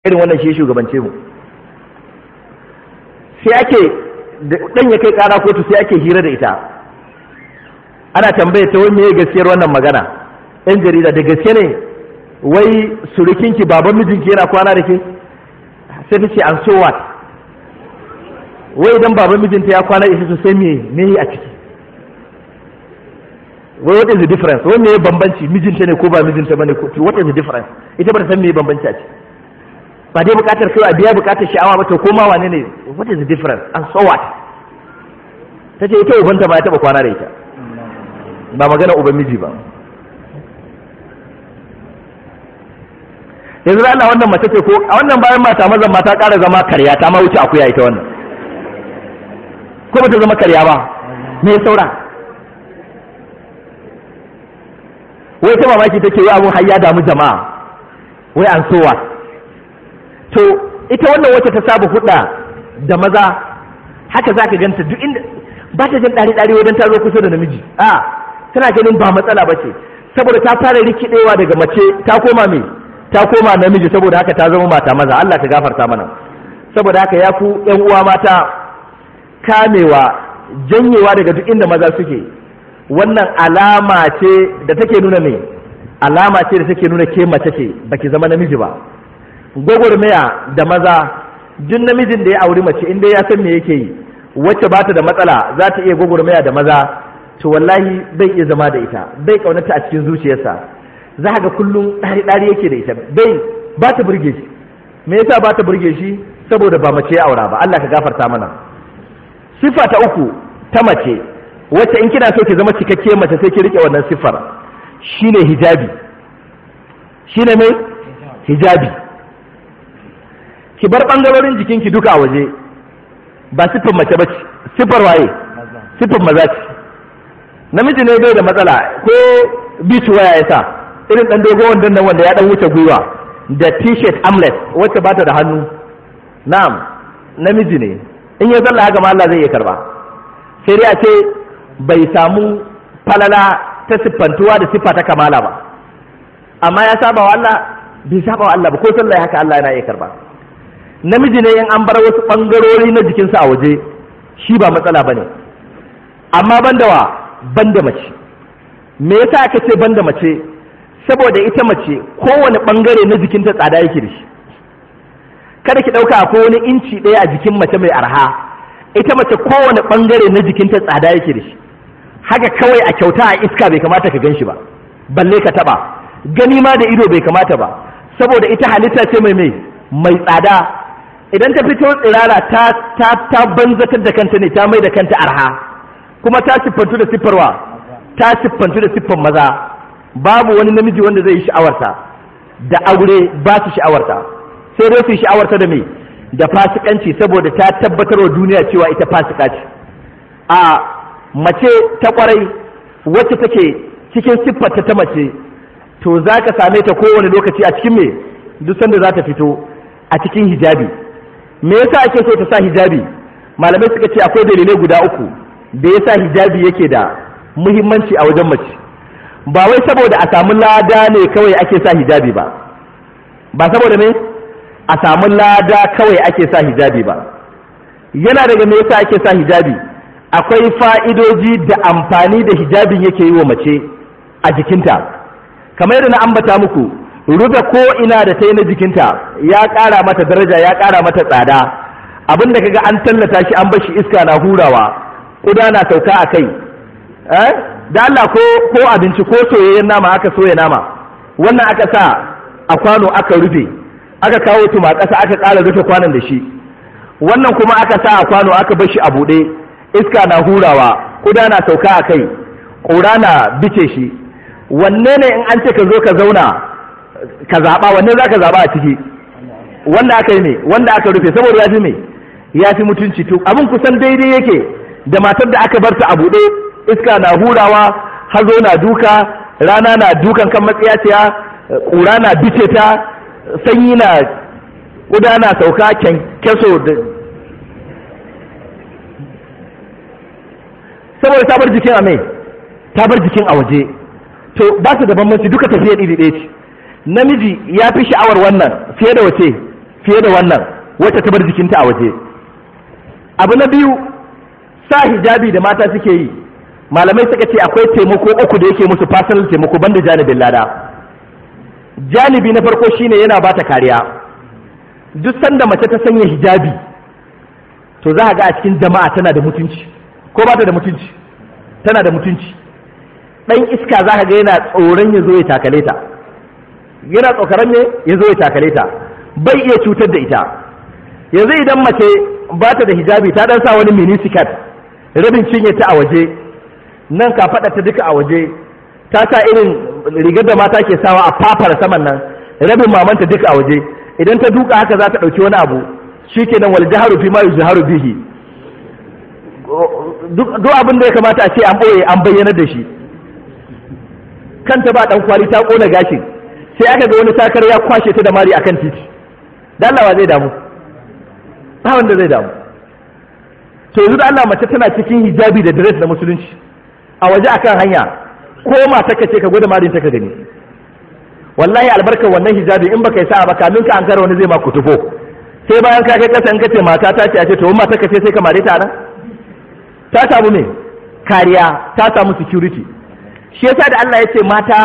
irin wannan shi shugabance mu sai ake dan ya kai kara kotu sai ake hira da ita ana tambaye ta wai meye gaskiyar wannan magana yan jarida da gaske ne wai surukinki baban mijinki yana kwana da ke sai ta ce an so what wai idan baban mijinta ya kwana isa sosai me me a ciki wai what is the difference wai me bambanci mijinta ne ko ba mijinta bane ko what is the difference ita ba ta san me bambanci a ciki ba dai bukatar kai a biya bukatar sha'awa ba to ko ma wane ne what is the difference and so what ta ce ita ubanta ba ya taba kwana da ita ba magana uban miji ba yanzu Allah wannan mace ce ko a wannan bayan mata mazan mata ƙara zama karya ta ma wuce akuya ita wannan ko ba ta zama karya ba me saura wai ta mamaki take yi abun har ya damu jama'a wai an so what to ita wannan wacce ta saba huɗa da maza haka zaka ganta duk inda ba ta jin ɗari ɗari wajen ta zo kusa da namiji a tana ganin ba matsala ba ce saboda ta fara rikidewa daga mace ta koma me ta koma namiji saboda haka ta zama mata maza Allah ta gafarta mana saboda haka ya ku ƴan uwa mata kamewa janyewa daga duk inda maza suke wannan alama ce da take nuna ne, alama ce da take nuna ke mace ce baki zama namiji ba gwagwarmaya da maza duk namijin da ya auri mace inda ya san me yake yi wacce ba ta da matsala za ta iya gwagwarmaya da maza to wallahi bai iya zama da ita bai kaunata a cikin zuciyarsa za ga kullum ɗari ɗari yake da ita bai ba ta burge shi me yasa ba ta burge shi saboda ba mace ya aura ba Allah ka gafarta mana siffa ta uku ta mace wacce in kina so ki zama cikakke mace sai ki rike wannan sifar shine hijabi shine mai hijabi ki bar bangarorin jikinki duka waje ba siffar mace ba siffar waye siffar maza ce namiji ne bai da matsala ko bitu waya ya sa irin ɗan dogon wanda nan wanda ya dan wuce gwiwa da t-shirt amlet wacce ba ta da hannu na'am namiji ne in ya zalla haka ma Allah zai iya karba sai dai a ce bai samu falala ta siffantuwa da siffa ta kamala ba amma ya saba wa Allah bai saba wa Allah ba ko sallah haka Allah yana iya karba namiji ne in an bar wasu ɓangarori na jikinsa a waje shi ba matsala ba ne amma banda wa banda mace me yasa aka ce banda mace saboda ita mace kowane ɓangare na jikinta tsada yake da shi kada ki ɗauka akwai wani inci ɗaya a jikin mace mai arha ita mace kowane ɓangare na jikinta tsada yake da shi haka kawai a kyauta a iska bai kamata ka gan shi ba balle ka taɓa gani ma da ido bai kamata ba saboda ita halitta ce mai mai tsada idan ta fito tsirara ta ta ta banzatar da kanta ne ta mai da kanta arha kuma ta siffantu da siffarwa ta siffantu da siffan maza babu wani namiji wanda zai yi sha'awarta da aure ba su sha'awarta sai dai su sha'awarta da me da fasikanci saboda ta tabbatar wa duniya cewa ita fasika ce a mace ta kwarai wacce take cikin siffarta ta mace to za ka same ta kowane lokaci a cikin mai duk sanda za ta fito a cikin hijabi me yasa ake so ta sa hijabi malamai suka ce akwai dalilai guda uku da yasa hijabi yake da muhimmanci a wajen mace ba wai saboda a samu lada ne kawai ake sa hijabi ba ba saboda me a samu lada kawai ake sa hijabi ba yana daga me yasa ake sa hijabi akwai fa'idoji da amfani da hijabin yake yi wa mace a jikinta kamar yadda na ambata muku rufe ko ina da ta yi na jikinta ya ƙara mata daraja ya ƙara mata tsada abinda da kaga an tallata shi an bashi iska na hurawa ƙuda na sauka a kai eh? da Allah ko abinci ko soyayyen nama aka soya nama wannan aka sa a kwano aka rufe aka kawo tuma ƙasa aka ƙara rufe kwanon da shi wannan kuma aka sa a kwano aka bashi a buɗe iska na hurawa kuda na sauka a kai ƙura na bice shi wanne ne in an ce ka zo ka zauna ka zaɓa wanne za ka zaɓa a ciki wanda aka yi ne wanda aka rufe saboda ya fi me ya fi mutunci to abin kusan daidai yake da matar da aka barta a buɗe iska na hurawa hazo na duka rana na dukan kan matsiyaciya ƙura na bice ta sanyi na ƙuda na sauka kyankyaso da saboda ta bar jikin a mai ta bar jikin a waje to ba su da bambanci duka tafiya ɗiɗi ɗaya ce namiji ya fi sha'awar wannan fiye da wace fiye da wannan wacce ta bar jikinta a waje abu na biyu sa hijabi da mata suke yi malamai suka ce akwai taimako uku da yake musu personal taimako banda janibin lada janibi na farko shine yana ba ta kariya duk sanda mace ta sanya hijabi to za a ga a cikin jama'a tana da mutunci ko ba ta da mutunci tana da mutunci dan iska za ka ga yana tsoron ya zo ya takale ta yana tsokaran ne ya zo ya takale ta bai iya cutar da ita yanzu idan mace ba ta da hijabi ta dan sa wani minisikat rabin cinye ta a waje nan ka faɗa ta duka a waje ta sa irin rigar da mata ke sawa a fafar saman nan rabin mamanta duka a waje idan ta duka haka za ta ɗauki wani abu shi ke wal jaharu fi ma yuzharu bihi duk abin da ya kamata a ce an ɓoye an bayyana da shi kanta ba ɗan kwali ta ƙona gashin sai aka ga wani sakar ya kwashe ta da mari akan titi da Allah zai damu ba wanda zai damu to yanzu da Allah mace tana cikin hijabi da dress da musulunci a waje akan hanya ko mata kace ka gwada marin ta ka gani wallahi albarka wannan hijabi in baka yi sa'a ba kamin ka an kara wani zai ma kutufo sai bayan ka kai kasa in kace ce mata ta ce a ce to mata ka sai ka mare ta nan ta samu ne kariya ta samu security shi yasa da Allah ya ce mata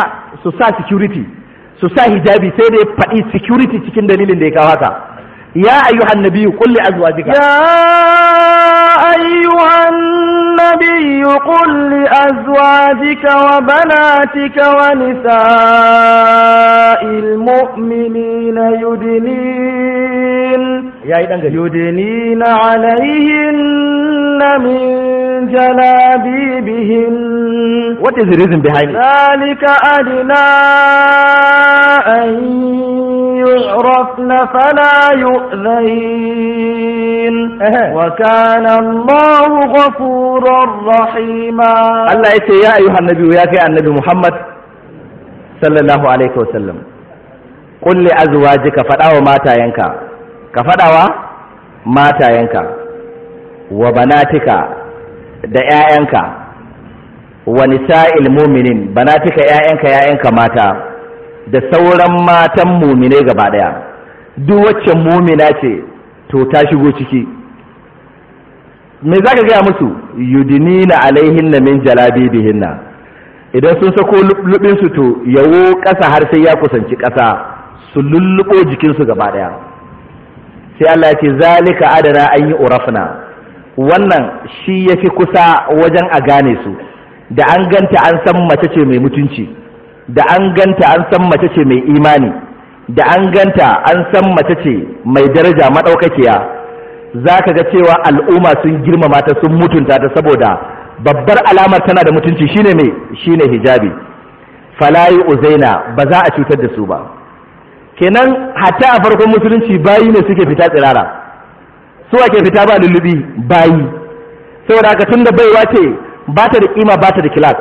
su sa security su sa hijabi sai da ya faɗi security cikin dalilin da ya kawo haka ya ayyuhan nabiyyu qul li azwajika ya ayyuhan nabiyyu qul li azwajika wa banatika wa nisa'il mu'minina yudnina yayi عليهن من جلابيبهن what is the reason behind it zalika أن يعرفن فلا يؤذين وكان الله غفورا رحيما الله يا أيها النبي ويا كي النبي محمد صلى الله عليه وسلم قل لأزواجك فتاو ماتا ينكا ka faɗawa matayenka wa banatika da 'ya'yanka wa nisa'il muminin banatika 'ya'yanka 'ya'yanka mata da sauran matan mumine gaba ɗaya duk waccan mumina ce to ta shigo ciki me za ka gaya musu yudinina na min jalabibihinna idan sun sako lubinsu to yawo ƙasa har sai ya kusanci ƙasa su lulluɓo jikinsu gaba ɗaya sai Allah ce zalika adana an yi urafna wannan shi yafi kusa wajen a gane su da an ganta an san mace ce mai mutunci da an ganta an san mace ce mai imani da an ganta an san mace ce mai daraja madaukakiya zaka ga cewa al'umma sun girmama ta sun mutunta ta saboda babbar alamar tana da mutunci shine me shine hijabi fala uzaina ba za a cutar da su ba kenan hatta a farkon musulunci bayi ne suke fita tsirara su ake fita ba lullubi bayi saboda haka da baiwa ce ba ta da kima ba ta da kilas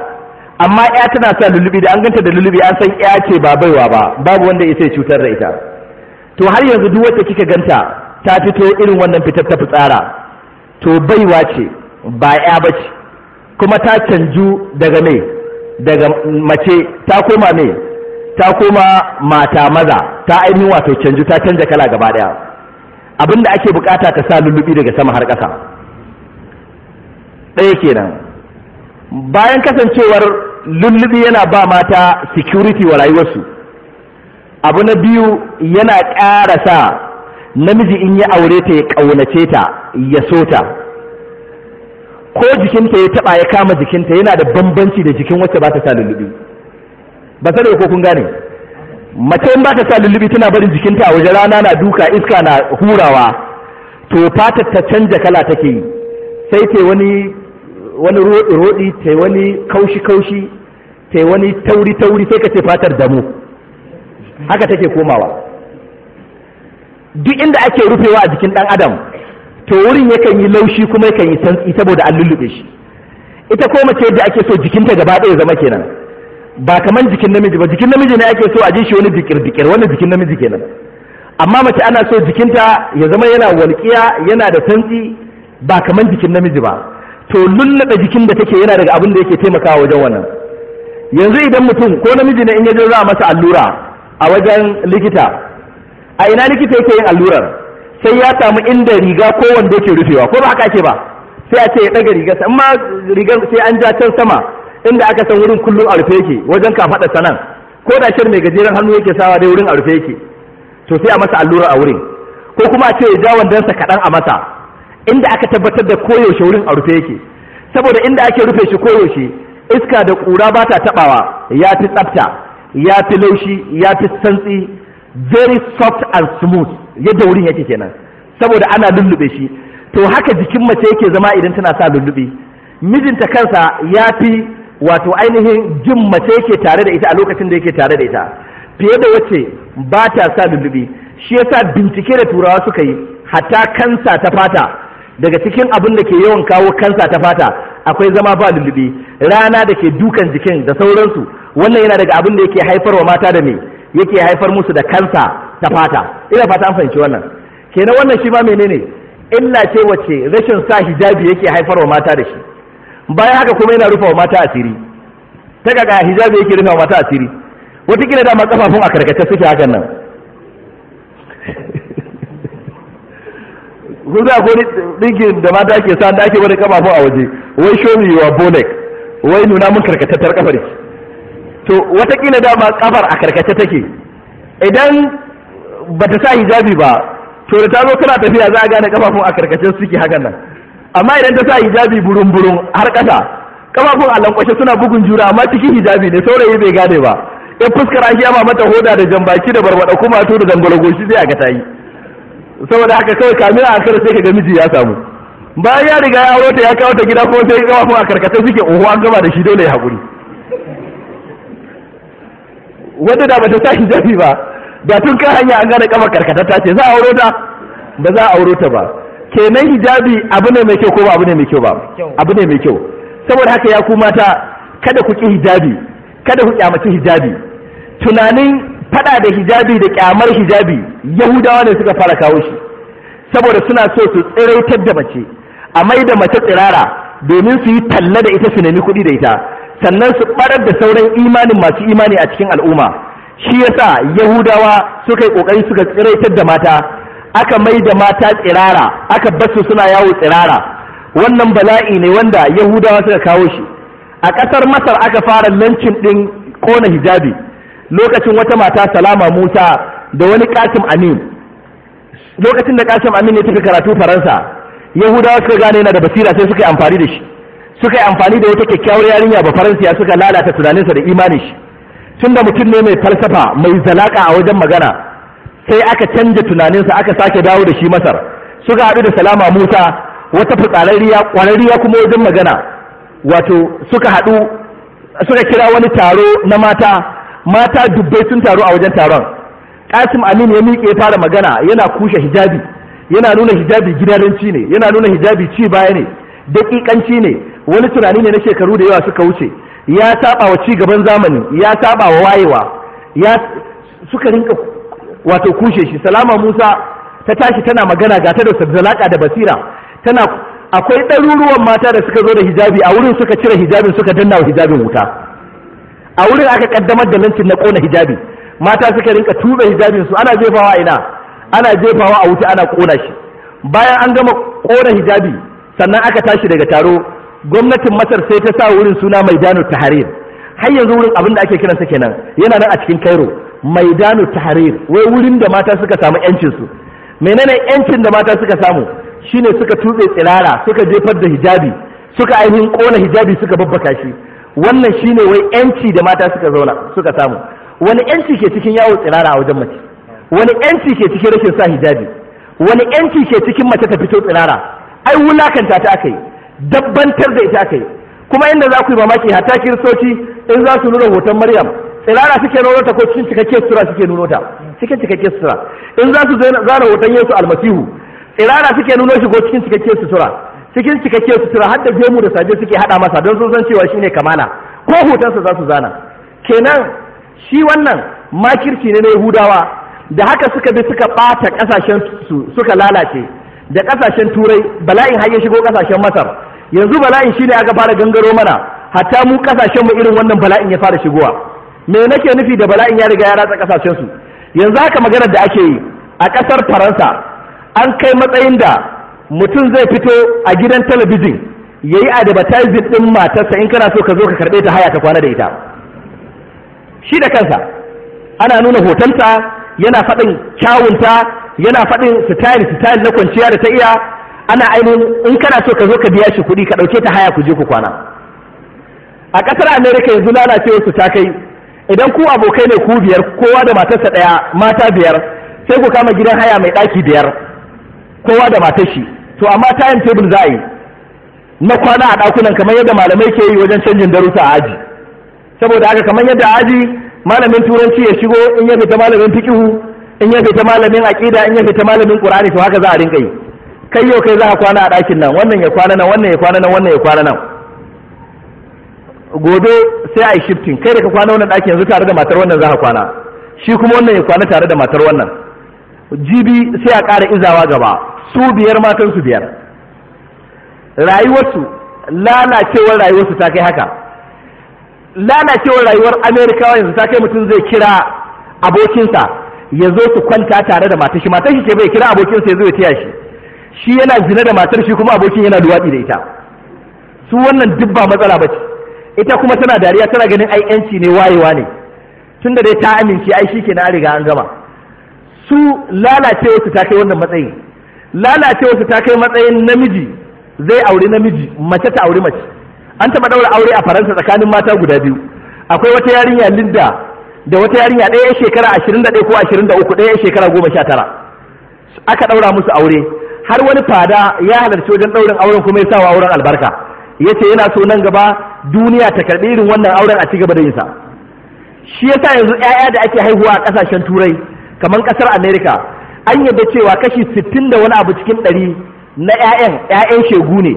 amma ya tana sa lullubi da an ganta da lullubi an san ya ce ba baiwa ba babu wanda ya cutar da ita to har yanzu duk wacce kika ganta ta fito irin wannan fitar ta fitsara to baiwa ce ba ya ba ce kuma ta canju daga mai daga mace ta koma mai ta koma mata maza ta ainihin wato canji ta canja kala gaba daya abinda ake bukata ta sa lullubi daga sama har ƙasa ɗaya kenan bayan kasancewar lullubi yana ba mata security wa rayuwarsu abu na biyu yana ƙara sa namiji in ya aure ta ya ƙaunace ta ya so ta ko jikinta ya taɓa ya kama jikinta yana da bambanci da jikin wacce ba ta sa lullubi ba sani ko kun gane mace in ba ta sa lullubi tana barin jikinta a waje rana na duka iska na hurawa to fata ta canja kala take yi sai ta wani wani rodi rodi ta wani kaushi kaushi ta wani tauri tauri sai ka ce fatar damu haka take komawa duk inda ake rufewa a jikin ɗan adam to wurin yakan yi laushi kuma yakan yi santsi saboda an lullube shi ita ko mace yadda ake so jikinta gaba ɗaya zama kenan ba kaman jikin namiji ba jikin namiji ne ake so a ji shi wani dikir dikir wani jikin namiji kenan amma mace ana so jikinta ya zama yana walƙiya yana da santsi ba kaman jikin namiji ba to lullaba jikin da take yana daga abin da yake taimakawa wajen wannan yanzu idan mutum ko namiji ne in ya je za masa allura a wajen likita a ina likita yake yin allurar sai ya samu inda riga ko wanda ke rufewa ko ba haka ake ba sai a ce ya ɗaga rigarsa amma rigar sai an ja can sama inda aka san wurin kullum a rufe yake wajen kafaɗa sanan ko da shir mai gajeren hannu yake sawa dai wurin a rufe yake to sai a masa allura a wurin ko kuma a ce ya ja sa kaɗan a masa inda aka tabbatar da koyaushe wurin a rufe yake saboda inda ake rufe shi koyaushe iska da ƙura ba ta taɓawa ya fi tsafta ya fi laushi ya fi santsi very soft and smooth yadda wurin yake kenan saboda ana lullube shi to haka jikin mace yake zama idan tana sa lullube mijinta kansa ya fi wato ainihin jin mace yake tare da ita a lokacin da yake tare da ita fiye da wacce ba ta sa lullubi shi ya sa bincike da turawa suka yi hata kansa ta fata daga cikin abin da ke yawan kawo kansa ta fata akwai zama ba lullubi rana da ke dukan jikin da sauransu wannan yana daga abin da yake haifarwa mata da me yake haifar musu da kansa ta fata ina fata an fahimci wannan kenan wannan shi ma menene illa ce wace rashin sa hijabi yake haifarwa mata da shi bayan haka kuma yana rufa wa mata asiri ta ga ga hijabi yake rufa wa mata asiri wata watakila dama kafafun a karkace suke hakan nan ko za ko dinkin da mata ke sa da ake wani kafafun a waje wai show me your bonnet wai nuna mun karkatattar kafar to wata watakila dama kafar a karkace take idan bata sa hijabi ba to da ta zo kana tafiya za a gane kafafun a karkace suke hakan nan amma idan ta sa hijabi burun burun har ƙasa kafafun a lankwashe suna bugun jura amma cikin hijabi ne saurayi bai gane ba in fuskar an kiyama mata hoda da jambaki da barbada kuma to da zangwara goshi zai aga ta yi saboda haka kawai kamila a kar sai ka ga miji ya samu bayan ya riga ya aure ta ya kawo ta gida kuma sai kafafun a karkata suke oho an gama da shi dole ya haƙuri wanda da bata sa hijabi ba da tun kan hanya an gane kafa karkata ta ce za a aure ta ba za a aure ta ba kenan hijabi abu ne mai kyau ko ba abu ne mai kyau ba abu ne mai kyau saboda haka ya ku mata kada ku ki hijabi kada ku kyamaci hijabi tunanin fada da hijabi da kyamar hijabi yahudawa ne suka fara kawo shi saboda suna so su tsiraitar da mace a mai da mace tsirara domin su yi talla da ita su nemi kuɗi da ita sannan su ɓarar da sauran imanin masu imani a cikin al'umma shi yasa yahudawa suka yi ƙoƙari suka tsiraitar da mata aka mai da mata tsirara aka basu suna yawo tsirara wannan bala'i ne wanda yahudawa suka kawo shi a ƙasar masar aka fara lancin ɗin kona hijabi lokacin wata mata salama musa da wani kasim amin lokacin da kasim amin ya tafi karatu faransa yahudawa suka gane yana da basira sai suka yi amfani da shi suka yi amfani da wata kyakkyawar yarinya ba faransiya suka lalata tunaninsa da imanin shi tunda mutum ne mai falsafa mai zalaka a wajen magana sai aka canja tunaninsa aka sake dawo da shi masar suka haɗu da salama musa wata fitsararriya ƙwararriya kuma wajen magana wato suka haɗu suka kira wani taro na mata mata dubbai sun taro a wajen taron kasim amin ya miƙe fara magana yana kushe hijabi yana nuna hijabi gidalanci ne yana nuna hijabi ci baya ne daƙiƙanci ne wani tunani ne na shekaru da yawa suka wuce ya saba wa ci gaban zamani ya saba wa wayewa ya suka rinka wato kushe shi salama musa ta tashi tana magana ga ta da zalaka da basira tana akwai ɗaruruwan mata da suka zo da hijabi a wurin suka cire hijabin suka danna hijabin wuta a wurin aka kaddamar da lancin na kona hijabi mata suka rinka tuba hijabin su ana jefawa ina ana jefawa a wuta ana kona shi bayan an gama kona hijabi sannan aka tashi daga taro gwamnatin masar sai ta sa wurin suna maidanu tahrir har yanzu wurin abin da ake kiransa kenan yana nan a cikin kairo. maidanu tahrir wai wurin da mata suka samu yancin su menene yancin da mata suka samu shine suka tutse tsirara suka jefar da hijabi suka ainihin kona hijabi suka babbaka shi wannan shine wai yanci da mata suka zauna suka samu wani yanci ke cikin yawo tsirara a wajen mace wani yanci ke cikin rashin sa hijabi wani yanci ke cikin mace ta fito tsirara ai wulakanta ta aka yi dabbantar da ita aka yi kuma inda za ku yi mamaki hatta kiristoci in za su nuna hoton maryam tsirara suke nuno ta ko cikin cikakken sura suke nuno ta cikin cikakken sura in za su zana hoton Yesu almasihu tsirara suke nuno shi ko cikin cikakken sura cikin cikakken sura har da gemu da saje suke hada masa don sun san cewa shine kamala ko hotonsa za su zana kenan shi wannan makirci ne na Yahudawa da haka suka bi suka bata kasashen su suka lalace da kasashen turai bala'in har ya shigo kasashen masar yanzu bala'in shine aka fara gangaro mana hatta mu kasashen mu irin wannan bala'in ya fara shigowa me nake nufi da bala'in ya riga ya ratsa kasashen su yanzu haka maganar da ake yi a kasar faransa an kai matsayin da mutum zai fito a gidan talabijin ya yi advertising ɗin matarsa in kana so ka zo ka karɓe ta haya ta kwana da ita shi da kansa ana nuna hotonta yana faɗin kyawunta yana faɗin style style na kwanciya da ta iya ana ainihin in kana so ka zo ka biya shi kuɗi ka ɗauke ta haya ku je ku kwana a ƙasar amerika yanzu lalacewarsu ta kai idan ku abokai ne ku biyar kowa da matarsa ɗaya mata biyar sai ku kama gidan haya mai ɗaki biyar kowa da matar shi to amma time tebul za a yi na kwana a ɗakunan kamar yadda malamai ke yi wajen canjin darussa a aji saboda haka kamar yadda aji malamin turanci ya shigo in ya fita malamin fikihu in ya fita malamin aƙida in ya fita malamin ƙur'ani, to haka za a rinka yi kai yau kai za ka kwana a ɗakin nan wannan ya kwana nan wannan ya kwana nan wannan ya kwana nan gobe sai a yi shifting kai da ka kwana wannan ɗakin yanzu tare da matar wannan za ka kwana shi kuma wannan ya kwana tare da matar wannan jibi sai a ƙara izawa gaba su biyar matan su biyar rayuwarsu lalacewar rayuwarsu ta kai haka lalacewar rayuwar amerikawa yanzu ta kai mutum zai kira abokinsa ya zo su kwanta tare da matar shi matar shi ke bai kira abokinsa ya zo ya taya shi shi yana zina da matar shi kuma abokin yana duwatsi da ita su wannan duk ba matsala ba ce ita kuma tana dariya tana ganin ai yanci ne wayewa ne tunda dai ta amince ai shi kenan na riga an gama su lalacewa su ta kai wannan matsayin lalacewa su ta kai matsayin namiji zai auri namiji mace ta auri mace an taɓa ɗaura aure a faransa tsakanin mata guda biyu akwai wata yarinya linda da wata yarinya ɗaya shekara ashirin da ɗaya ko ashirin da uku ɗaya shekara goma sha tara aka ɗaura musu aure har wani fada ya halarci wajen ɗaurin auren kuma ya sawa auren albarka Ya ce yana so nan gaba duniya ta karɓi irin wannan auren a cigaba da yinsa shi yasa yanzu 'ya'ya da ake haihuwa a ƙasashen turai kamar ƙasar Amerika an yadda cewa kashi sittin da wani abu cikin 100 na 'ya'yan yayan shegu ne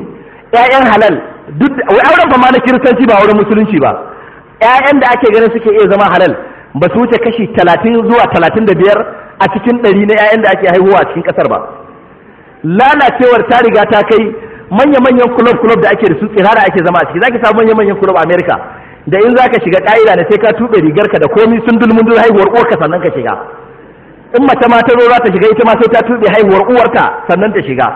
'ya'yan halal duk wai auren fa na kiristanci ba auren musulunci ba 'ya'yan da ake ganin suke iya zama halal ba su wuce kashi talatin zuwa talatin da biyar a cikin 100 na 'ya'yan da ake haihuwa a cikin ƙasar ba lalacewar ta riga ta kai manya-manyan kulob-kulob da ake da su tsirara ake zama a ciki zaki samu manya-manyan kulob a amerika da in zaka shiga ka'ida da sai ka tuɓe rigarka da komi sun dulmundul haihuwar uwarka sannan ka shiga in mace ma ta zo za ta shiga ita ma sai ta tuɓe haihuwar uwarta sannan ta shiga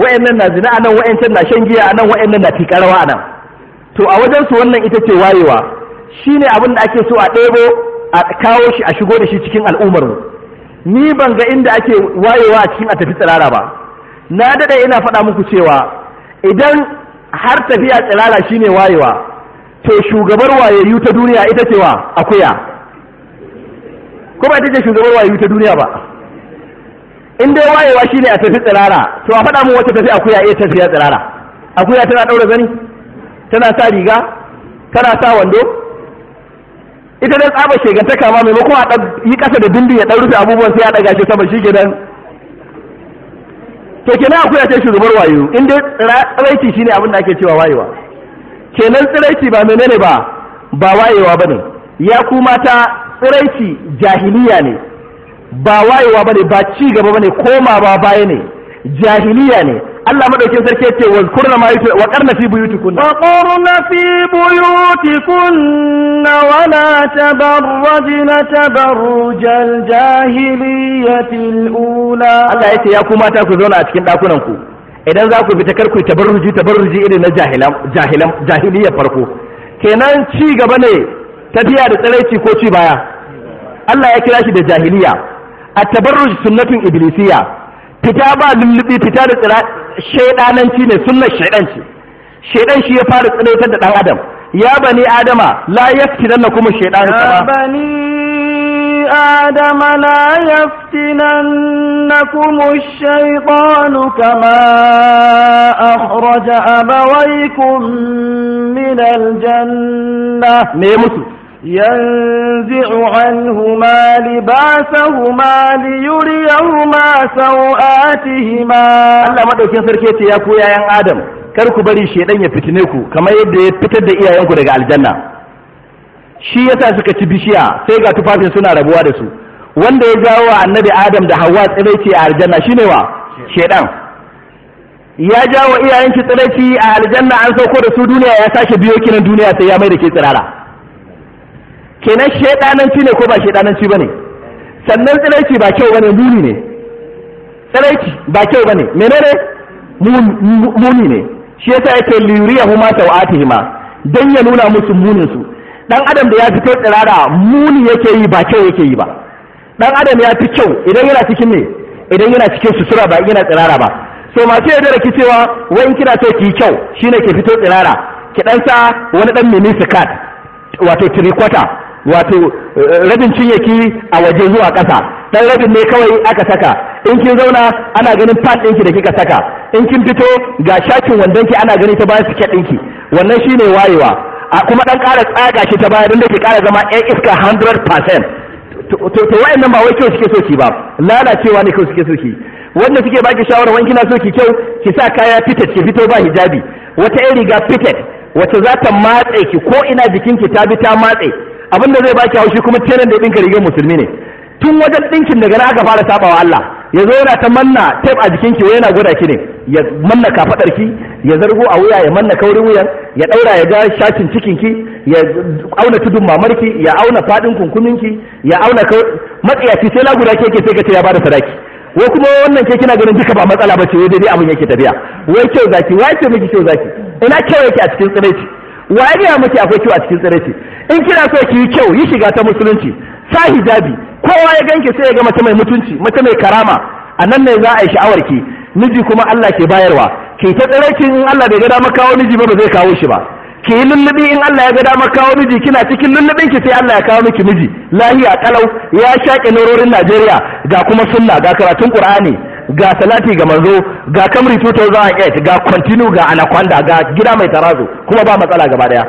wa'annan na zina anan wa'ancan na shan giya anan wa'annan na a nan. to a wajen su wannan ita ce wayewa shine abin da ake so a ɗebo a kawo shi a shigo da shi cikin al'ummar mu ni ban ga inda ake wayewa a cikin a tafi tsirara ba na daɗa ina faɗa muku cewa idan har tafiya tsirara shine wayewa to shugabar wayayyu ta duniya ita ce wa akuya kuma ita ce shugabar wayayyu ta duniya ba in dai wayewa shine a tafi tsirara to a faɗa mu wata tafi akuya iya eh, tafiya tsirara akuya tana ɗaura zani tana sa riga tana sa wando ita dai tsaba shegantaka ma maimakon a yi ƙasa da dindin ya ɗan rufe abubuwan sai ya ɗaga shi sama shi gidan to kenan akuya shi shugabar wayo in dai tsiraici shine abin da ake cewa wayewa kenan tsiraici ba menene ba ba wayewa bane ya kuma ta tsiraici jahiliya ne ba wayewa bane ba ci gaba bane koma ba baya ne jahiliya ne Allah madaukin sarki yake wa kurna ma yutu wa qarna fi buyutikun wa qurna fi buyutikun wa la tabarrajna tabarrujal jahiliyatil ula Allah yake ya kuma ta ku zauna a cikin dakunan ku idan za ku fita kar ku tabarruji tabarruji irin na jahilan jahilan jahiliyar farko kenan ci gaba ne tafiya da tsaraici ko ci baya Allah ya kira shi da jahiliya at tabarruj sunnatun iblisiyya fita ba lullubi fita da tsira shaidananci ne sunnar shaidan ce shi ya fara tsinaitar da ɗan adam ya bani adama la yaftinan na kuma shaidan ka bani adama la yaftinan na kuma shaidan ka ma akhraja abawaykum min aljanna ينزع عنهما لباسهما ليريهما سوآتهما الله ما دوكين سركي يا كو يا آدم kar ku bari shedan ya fitine ku kamar yadda ya fitar da iyayenku daga aljanna shi yasa suka ci bishiya sai ga tufafin suna rabuwa da su wanda ya jawo annabi adam da hawa tsiraici a aljanna shine wa shedan ya jawo iyayenki tsiraici a aljanna an sauko da su duniya ya sake biyo kinan duniya sai ya mai da ke tsirara kenan shaidananci ne ko ba shaidananci bane sannan tsiraici ba kyau bane muni ne tsiraici ba kyau bane menene muni ne shi yasa yake liyuriyahuma sawatihima dan ya nuna musu munin su dan adam da ya fito tsirara muni yake yi ba kyau yake yi ba dan adam ya fi kyau idan yana cikin ne idan yana cikin sutura ba yana tsirara ba so masu yadda da ki cewa wani kina so ki kyau shine ke fito tsirara ki dan sa wani dan mini wato three wato rabin cinyaki a waje zuwa ƙasa dan rabin ne kawai aka saka in kin zauna ana ganin pad ɗinki da kika saka in kin fito ga shakin wandonki ana gani ta bayan siket ɗinki wannan shi ne wayewa a kuma ɗan ƙara tsaga shi ta baya don da ke ƙara zama yan iska 100% to to wa'annan ba wai kyau suke so ki ba lalacewa ne kyau suke so ki wanda suke baki shawara wani kina so ki kyau ki sa kaya fitet ki fito ba hijabi wata yan riga fitet wacce zata matse ki ko ina ki ta bi ta matse abin da zai baki haushi kuma tenan da dinka rigar musulmi ne tun wajen ɗinkin daga na aka fara wa Allah ya zo yana ta manna tape a jikinki wai yana gwada ki ne ya manna ki ya zargo a wuya ya manna kaurin wuyan ya ɗaura ya ga shakin cikinki ya auna tudun mamarki ya auna faɗin kunkuminki ya auna matsiyaci sai laguda ke ke sai ka ce ya bada sadaki wai kuma wannan ke kina ganin duka ba matsala ba ce wai daidai abin yake tafiya wai kyau zaki wai ce miki kyau zaki ina kyau yake a cikin tsiraici wa ya gaya miki akwai kyau a cikin tsiraici in kina so ki yi kyau yi shiga ta musulunci sa hijabi kowa ya ganki sai ya ga mace mai mutunci mace mai karama a nan ne za a yi sha'awar ki miji kuma Allah ke bayarwa ki ta ki in Allah bai ga dama kawo miji ba ba zai kawo shi ba ki yi lullubi in Allah ya ga dama kawo miji kina cikin lullubin ki sai Allah ya kawo miki miji lahiya kalau ya shaƙe na'urorin Najeriya ga kuma sunna ga karatun Qur'ani ga salati ga manzo ga kamri 2008 ga continue ga anaconda ga gida mai tarazo kuma ba matsala gaba daya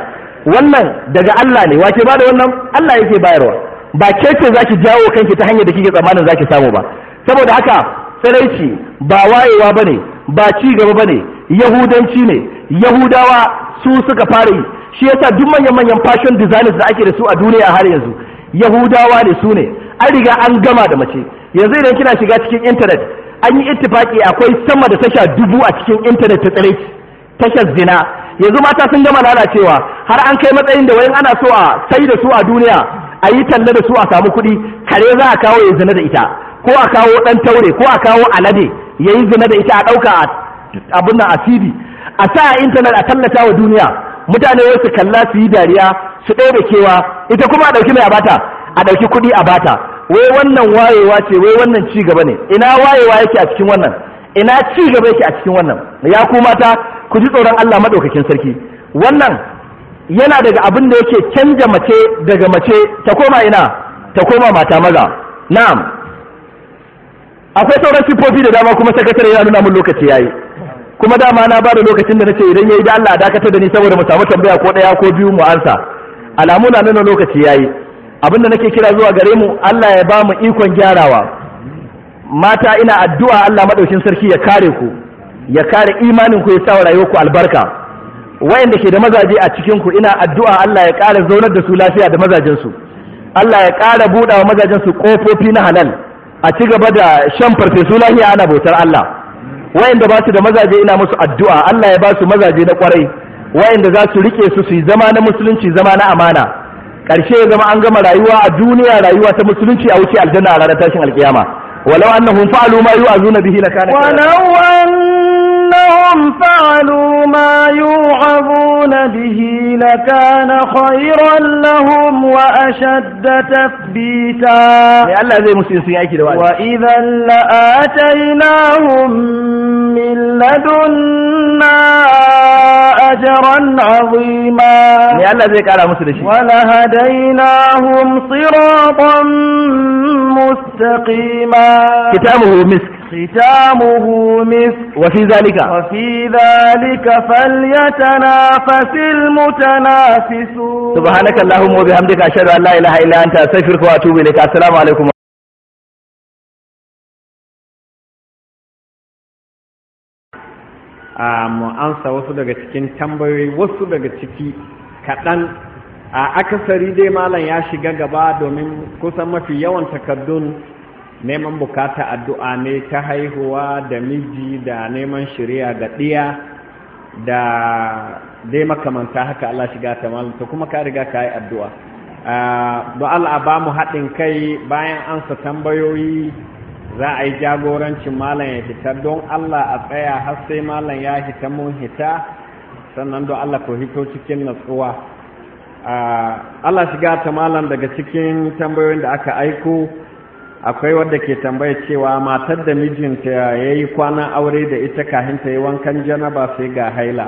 wannan daga Allah ne wace ba da wannan Allah yake bayarwa ba ke ce zaki jawo kanki ta hanyar da kike tsammanin zaki samu ba saboda haka tsaraici ba wayewa bane ba ci gaba bane yahudanci ne yahudawa su suka fara yi shi yasa duk manyan manyan fashion designers da ake da su a duniya har yanzu yahudawa ne su ne an riga an gama da mace yanzu idan kina shiga cikin intanet an yi ittifaki akwai sama da tasha dubu a cikin intanet ta tsare tashar zina yanzu mata sun gama lalacewa har an kai matsayin da wayan ana so a sai da su a duniya a yi talla da su a samu kuɗi kare za a kawo ya zina da ita ko a kawo ɗan taure ko a kawo alade ya yi zina da ita a ɗauka abin nan a cd a sa a intanet a tallata wa duniya mutane wai su kalla su yi dariya su ɗaya da kewa ita kuma a ɗauki mai a bata a ɗauki kuɗi a bata wai wannan wayewa ce wai wannan ci gaba ne ina wayewa yake a cikin wannan ina ci gaba yake a cikin wannan ya ku mata ku ji tsoron Allah madaukakin sarki wannan yana daga abin da yake canja mace daga mace ta koma ina ta koma mata maza na'am akwai sauran sifofi da dama kuma sakatare ya nuna mun lokaci yayi kuma dama na bada lokacin da nace idan yayi da Allah dakatar da ni saboda mu samu tambaya ko daya ko biyu mu ansa alamu na nuna lokaci yayi abin da nake kira zuwa gare mu Allah ya ba mu ikon gyarawa mata ina addu'a Allah madaukin sarki ya kare ku ya kare imanin ku ya sa rayuwar ku albarka wayanda ke da mazaje a cikin ku ina addu'a Allah ya ƙara zaunar da su lafiya da mazajen su Allah ya ƙara buɗa wa mazajen su ƙofofi na halal a ci gaba da shan farfesu lafiya ana bautar Allah wayanda ba su da mazaje ina musu addu'a Allah ya ba su mazaje na ƙwarai wayanda za su rike su su yi zama na musulunci zama na amana karshe ya zama an gama rayuwa a duniya rayuwa ta musulunci a wuce aljanna a ranar tashin alkiyama walau annahum fa'alu ma yu'azuna bihi lakana walau annahum fa'alu ma yu'azuna bihi lakana khayran lahum wa ashadda tathbita mai Allah zai musu sun yaki da wani wa idhan la'atainahum min ladunna أجرا عظيما ولهديناهم صراطا مستقيما كتابه مسك ختامه مسك وفي ذلك وفي ذلك فليتنافس المتنافسون سبحانك اللهم وبحمدك أشهد أن لا إله إلا أنت أستغفرك وأتوب إليك السلام عليكم mu ansa wasu daga cikin tambayoyi wasu daga ciki kaɗan a akasari dai malam ya shiga gaba domin kusan mafi yawan takardun neman bukata addu'a ne ta haihuwa da miji da neman shirya ga ɗiya da dai makamanta haka Allah shiga ta malam to kuma ka riga ka yi addu'a Ba Allah ba mu haɗin kai bayan ansa tambayoyi za a yi jagorancin malam ya fita don Allah a tsaya har sai malam ya hita mun hita sannan don Allah ko hito cikin natsuwa Allah shiga ta malam daga cikin tambayoyin da aka aiko akwai wadda ke tambaya cewa matar da mijinta ya yi aure da ita kahin ta yi wankan janaba sai ga haila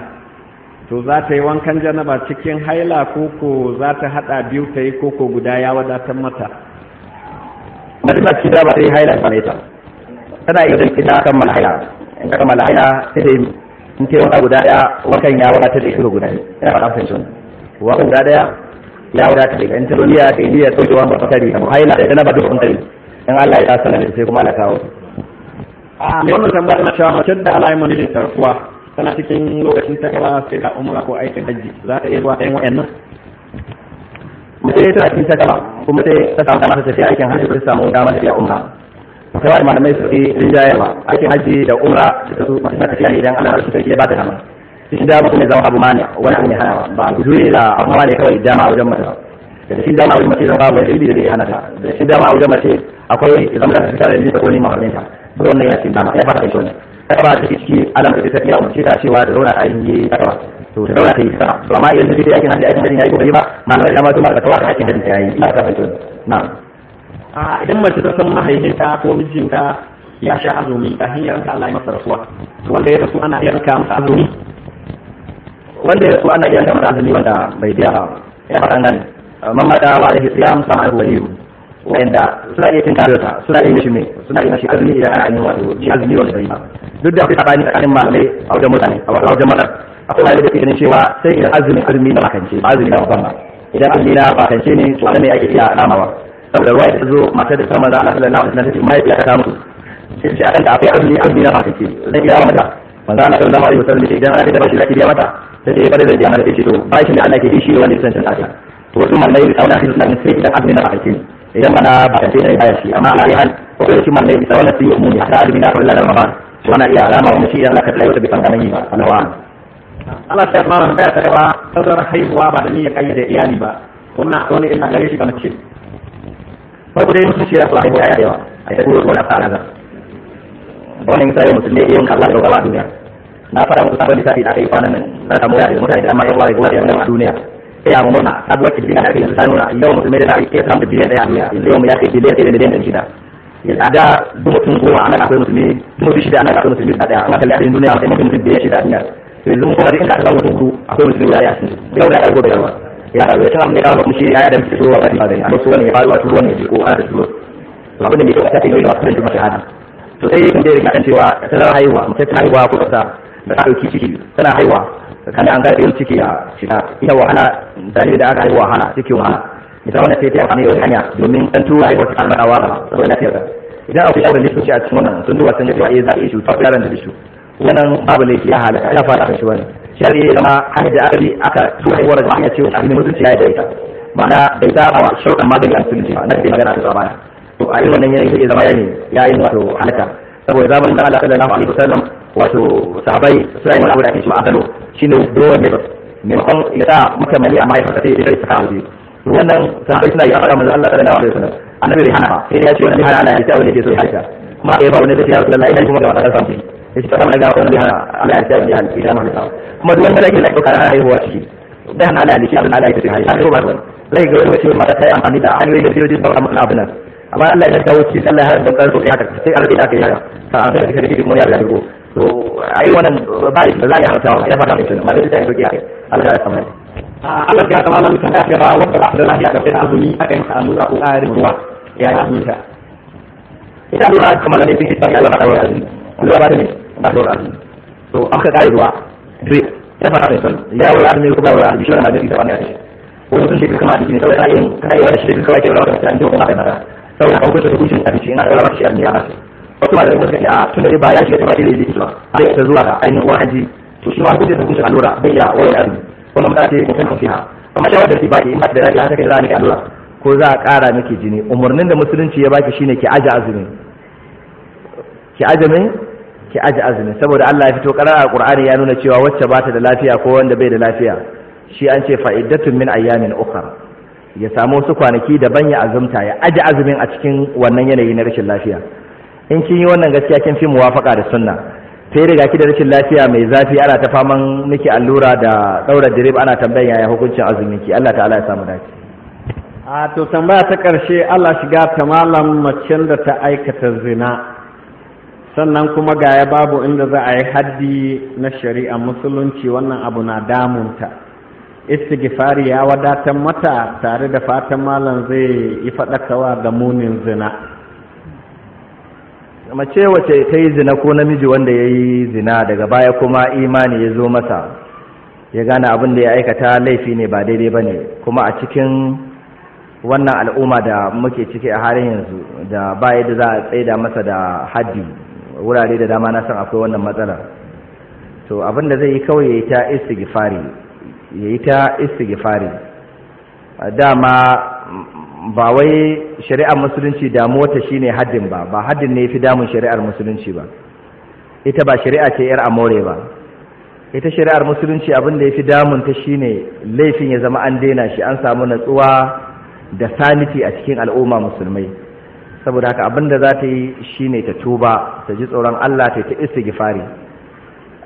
to za ta yi wankan janaba cikin haila koko za ta haɗa biyu ta yi koko guda ya wadatar mata mace ta ci haila ta tana kammala haila in kammala haila sai dai in wata guda wakan ya wadatar da guda ne faɗa fahimci guda ya wadatar da in ta yi ɗaukewa ba fasari kamar haila da tana ba duk kuntari in Allah ya sa sanar sai kuma kawo a ah, wannan tambayar na cewa da Allah mani da tarkuwa tana cikin lokacin ta gaba sai da umra ko aikin hajji za ta iya zuwa wa'annan sai eh, tana cikin kuma sai ta samu damar tafiya aikin hajji ta samu damar tafiya umra sai wani malamai su yi rinjayarwa aikin hajji da umra da su masu tafiya idan ana rasu ba ta dama cikin dama kuma zama abu mani wani abu ne hana ba a duri da abu mani kawai dama a wajen mata da cikin dama a wajen mace zama da zai hana ta da cikin dama a wajen mace akwai zama da tafiya da jinsa ko neman wajen ta dole ne ya cikin dama ya kai shi ta ba ta ciki alamta ta tafiya ta cewa da zauna a yi ta to da wata yi sa amma idan da yake hajji aikin hajji yayi kokari ba malamai da mata ba ta aikin hajji yayi ina ta fahimta na'am a idan mace ta san mahaifinta ko mijinta ya sha azumi ta hanyar ka Allah ya masa rasuwa wanda ya rasu ana iya rika masa azumi wanda ya rasu ana iya rika masa azumi wanda bai biya ya faɗa nan mamada wa alaihi siyam sama waliyu wanda suna iya cin ta suna iya shi mai suna iya shi azumi idan ana yin wato azumi wanda bai ba duk da akwai tsakani tsakanin malamai a wajen mutane a wajen akwai da take ganin cewa sai idan azumi azumi na makance ba azumi na babban ba idan azumi na makance ne to ne ake iya alamawa saboda ruwa ta zo matar da ta maza Allah sallallahu alaihi wasallam ta ce mahaifiya ta mutu sai ce akan da akwai azumi azumi na makance zai iya mata manzo Allah sallallahu alaihi wasallam ce idan aka da bashi zaki biya mata sai eh, ya bare da ji Allah ce to bashin da Allah ke shi wanda ya san ta to wasu malai da tsawon hadisi na sai idan azumi na makance idan mana ba ta sai da shi amma a hal ko da shi malai da tsawon hadisi mu ya ta azumi na kullu da ramadan wannan iya alama wa mushi Allah ka tsaye ta bi kan ganin ba alawa Allah ta kuma mun da cewa sauran haihuwa ba da niyyar da iyali ba Kuma wani ina gare shi ga mace farko dai musu shirya kula haihuwa ya da yawa a ta kuma wani fara nazar wani mutum ne yin kalla da gaba duniya na fara mutum sabon lissafi da aka yi kwanan nan na samu ya da mutane da amma yawa da gaba da duniya sai ya mamuna sabuwar kirgina da ake yi ta nuna yawan da na ake samun a duniya yanzu yawan ya kai biliyan ɗaya da biliyan da shida da mutum goma a nan mutum shida a nan akwai musulmi a daya amma kalli a cikin duniya sai mutum biliyan shida duniya yanzu kuma duk inda aka samu hudu akwai musulmi ya yi asiri yau da ya gobe yawa ya rabu ya tamu ne kawo kuma shi ya yi da mutu zuwa wani magani amma su wani ya faru a ya a da turu abin da ne kawai ta yi masu kan juma shahada to sai yi kuma ya kan cewa tana haihuwa mutum ta haihuwa ko kasa da ta ɗauki ciki tana haihuwa kada an ciki a shiga ita wahala dalilin da aka haihuwa hana ciki wahala ita wannan sai ta amfani da hanya domin an tura haihuwa ta almarawa ba saboda lafiyar idan akwai abin da ya a cikin wannan sun duba sun ga cewa eh za a iya cuta yaran da wannan babu ne ya halaka ya fara shi wani shari'a ya zama hanyar da aka aka tura wa da hanyar cewa abin mutunci ya yi da ita ma'ana da ita ba shauƙan magani a mutunci ba na da magana ta zama to a yi wannan yanayi zai zama ya yi wato halaka saboda zamanin da da sallallahu alaihi wasallam wato sahabbai abu da ake cewa akalo shine dole ne maimakon ya sa maka mali amma ya fasa sai ya saka waje wannan sahabbai suna yi a manzo Allah sallallahu alaihi wasallam annabi bai hana sai ya ce wannan hana Allah ya ta wani da so ya haka kuma sai ba wani da اجتمع إذا بها على أساس أن إجامة الأرض ما دون ذلك لا يدرك على هو شيء دهن على لشيء على يتبع هذا هو مدون لا يقول له شيء ما تتعي أم أمدا عن ويجب في وجود برغم الأبناء أما أن لا يتوت شيء الله هذا قال في حياتك في أرض الله كيها فأنا في كذلك من يرى يقول أيوانا بعد لا يعرف سواء كيف أنا مثل ما بدأت أن يجي على هذا الأمر Allah ya kama nan kan kafira wanda ba da lafiya da fita azumi aka yi samu ya yi azumi ta. Ina lura kamar da ne fi ruwa ba ta ne ba ta ruwa to aka kare ruwa drip ya fara mai son ya wura ne ko ba wura ne shi wannan hadisi ba ne wani sun shekaru kama ne ayin wani shekaru kawai ke rawar da an jiwa ta kai mata saboda kan kusa hukuncin abinci yana rawar shi a ne a nasu wasu ba da kuma suka tun da ba ya shiga ta bakin da yake zuwa har ya zuwa ga ainihin wani haji to shi ma hukuncin hukuncin allura bai ya wani azumi wannan mutane mutum kan fiha amma shawar da shi baki in ba da rabi har kai za a allura ko za a kara miki jini umarnin da musulunci ya baki shine ki aje azumi ki aje mai ki aji azumin saboda Allah ya fito karar alqur'ani ya nuna cewa wacce ba ta da lafiya ko wanda bai da lafiya shi an ce fa'idatun min ayyamin ukhra ya samu wasu kwanaki daban ya azumta ya aji azumin a cikin wannan yanayi na rashin lafiya in kin yi wannan gaskiya kin fi muwafaka da sunna sai riga ki da rashin lafiya mai zafi ana ta faman miki allura da daura direb ana tambayan yaya hukuncin azumin ki Allah ta'ala ya samu dace a to tambaya ta karshe Allah shiga ta malam macen da ta aikata zina sannan kuma ga ya babu inda za a yi haddi na shari'a musulunci wannan abu na damunta istighfari ya wadatar mata tare da fatan malam zai yi faɗakawa ga munin zina mace wace ta yi zina ko namiji wanda ya yi zina daga baya kuma imani ya zo masa ya gane abin da ya aikata laifi ne ba daidai ba ne kuma a cikin wannan al'umma da muke ciki a halin yanzu da baya da za a tsaida masa da haddi wurare da dama na san akwai wannan matsalar to abin da zai yi kawai ya yi ta istighfari ya yi ta istighfari dama ba wai shari'ar musulunci damuwa ta shine haddin ba ba haddin ne fi damun shari'ar musulunci ba ita ba shari'a ce yar amore ba ita shari'ar musulunci abin da ya fi damun ta shine laifin ya zama an daina shi an samu natsuwa da saniti a cikin al'umma musulmai saboda haka abinda za ta yi shine ta tuba ta ji tsoron Allah ta ta istighfari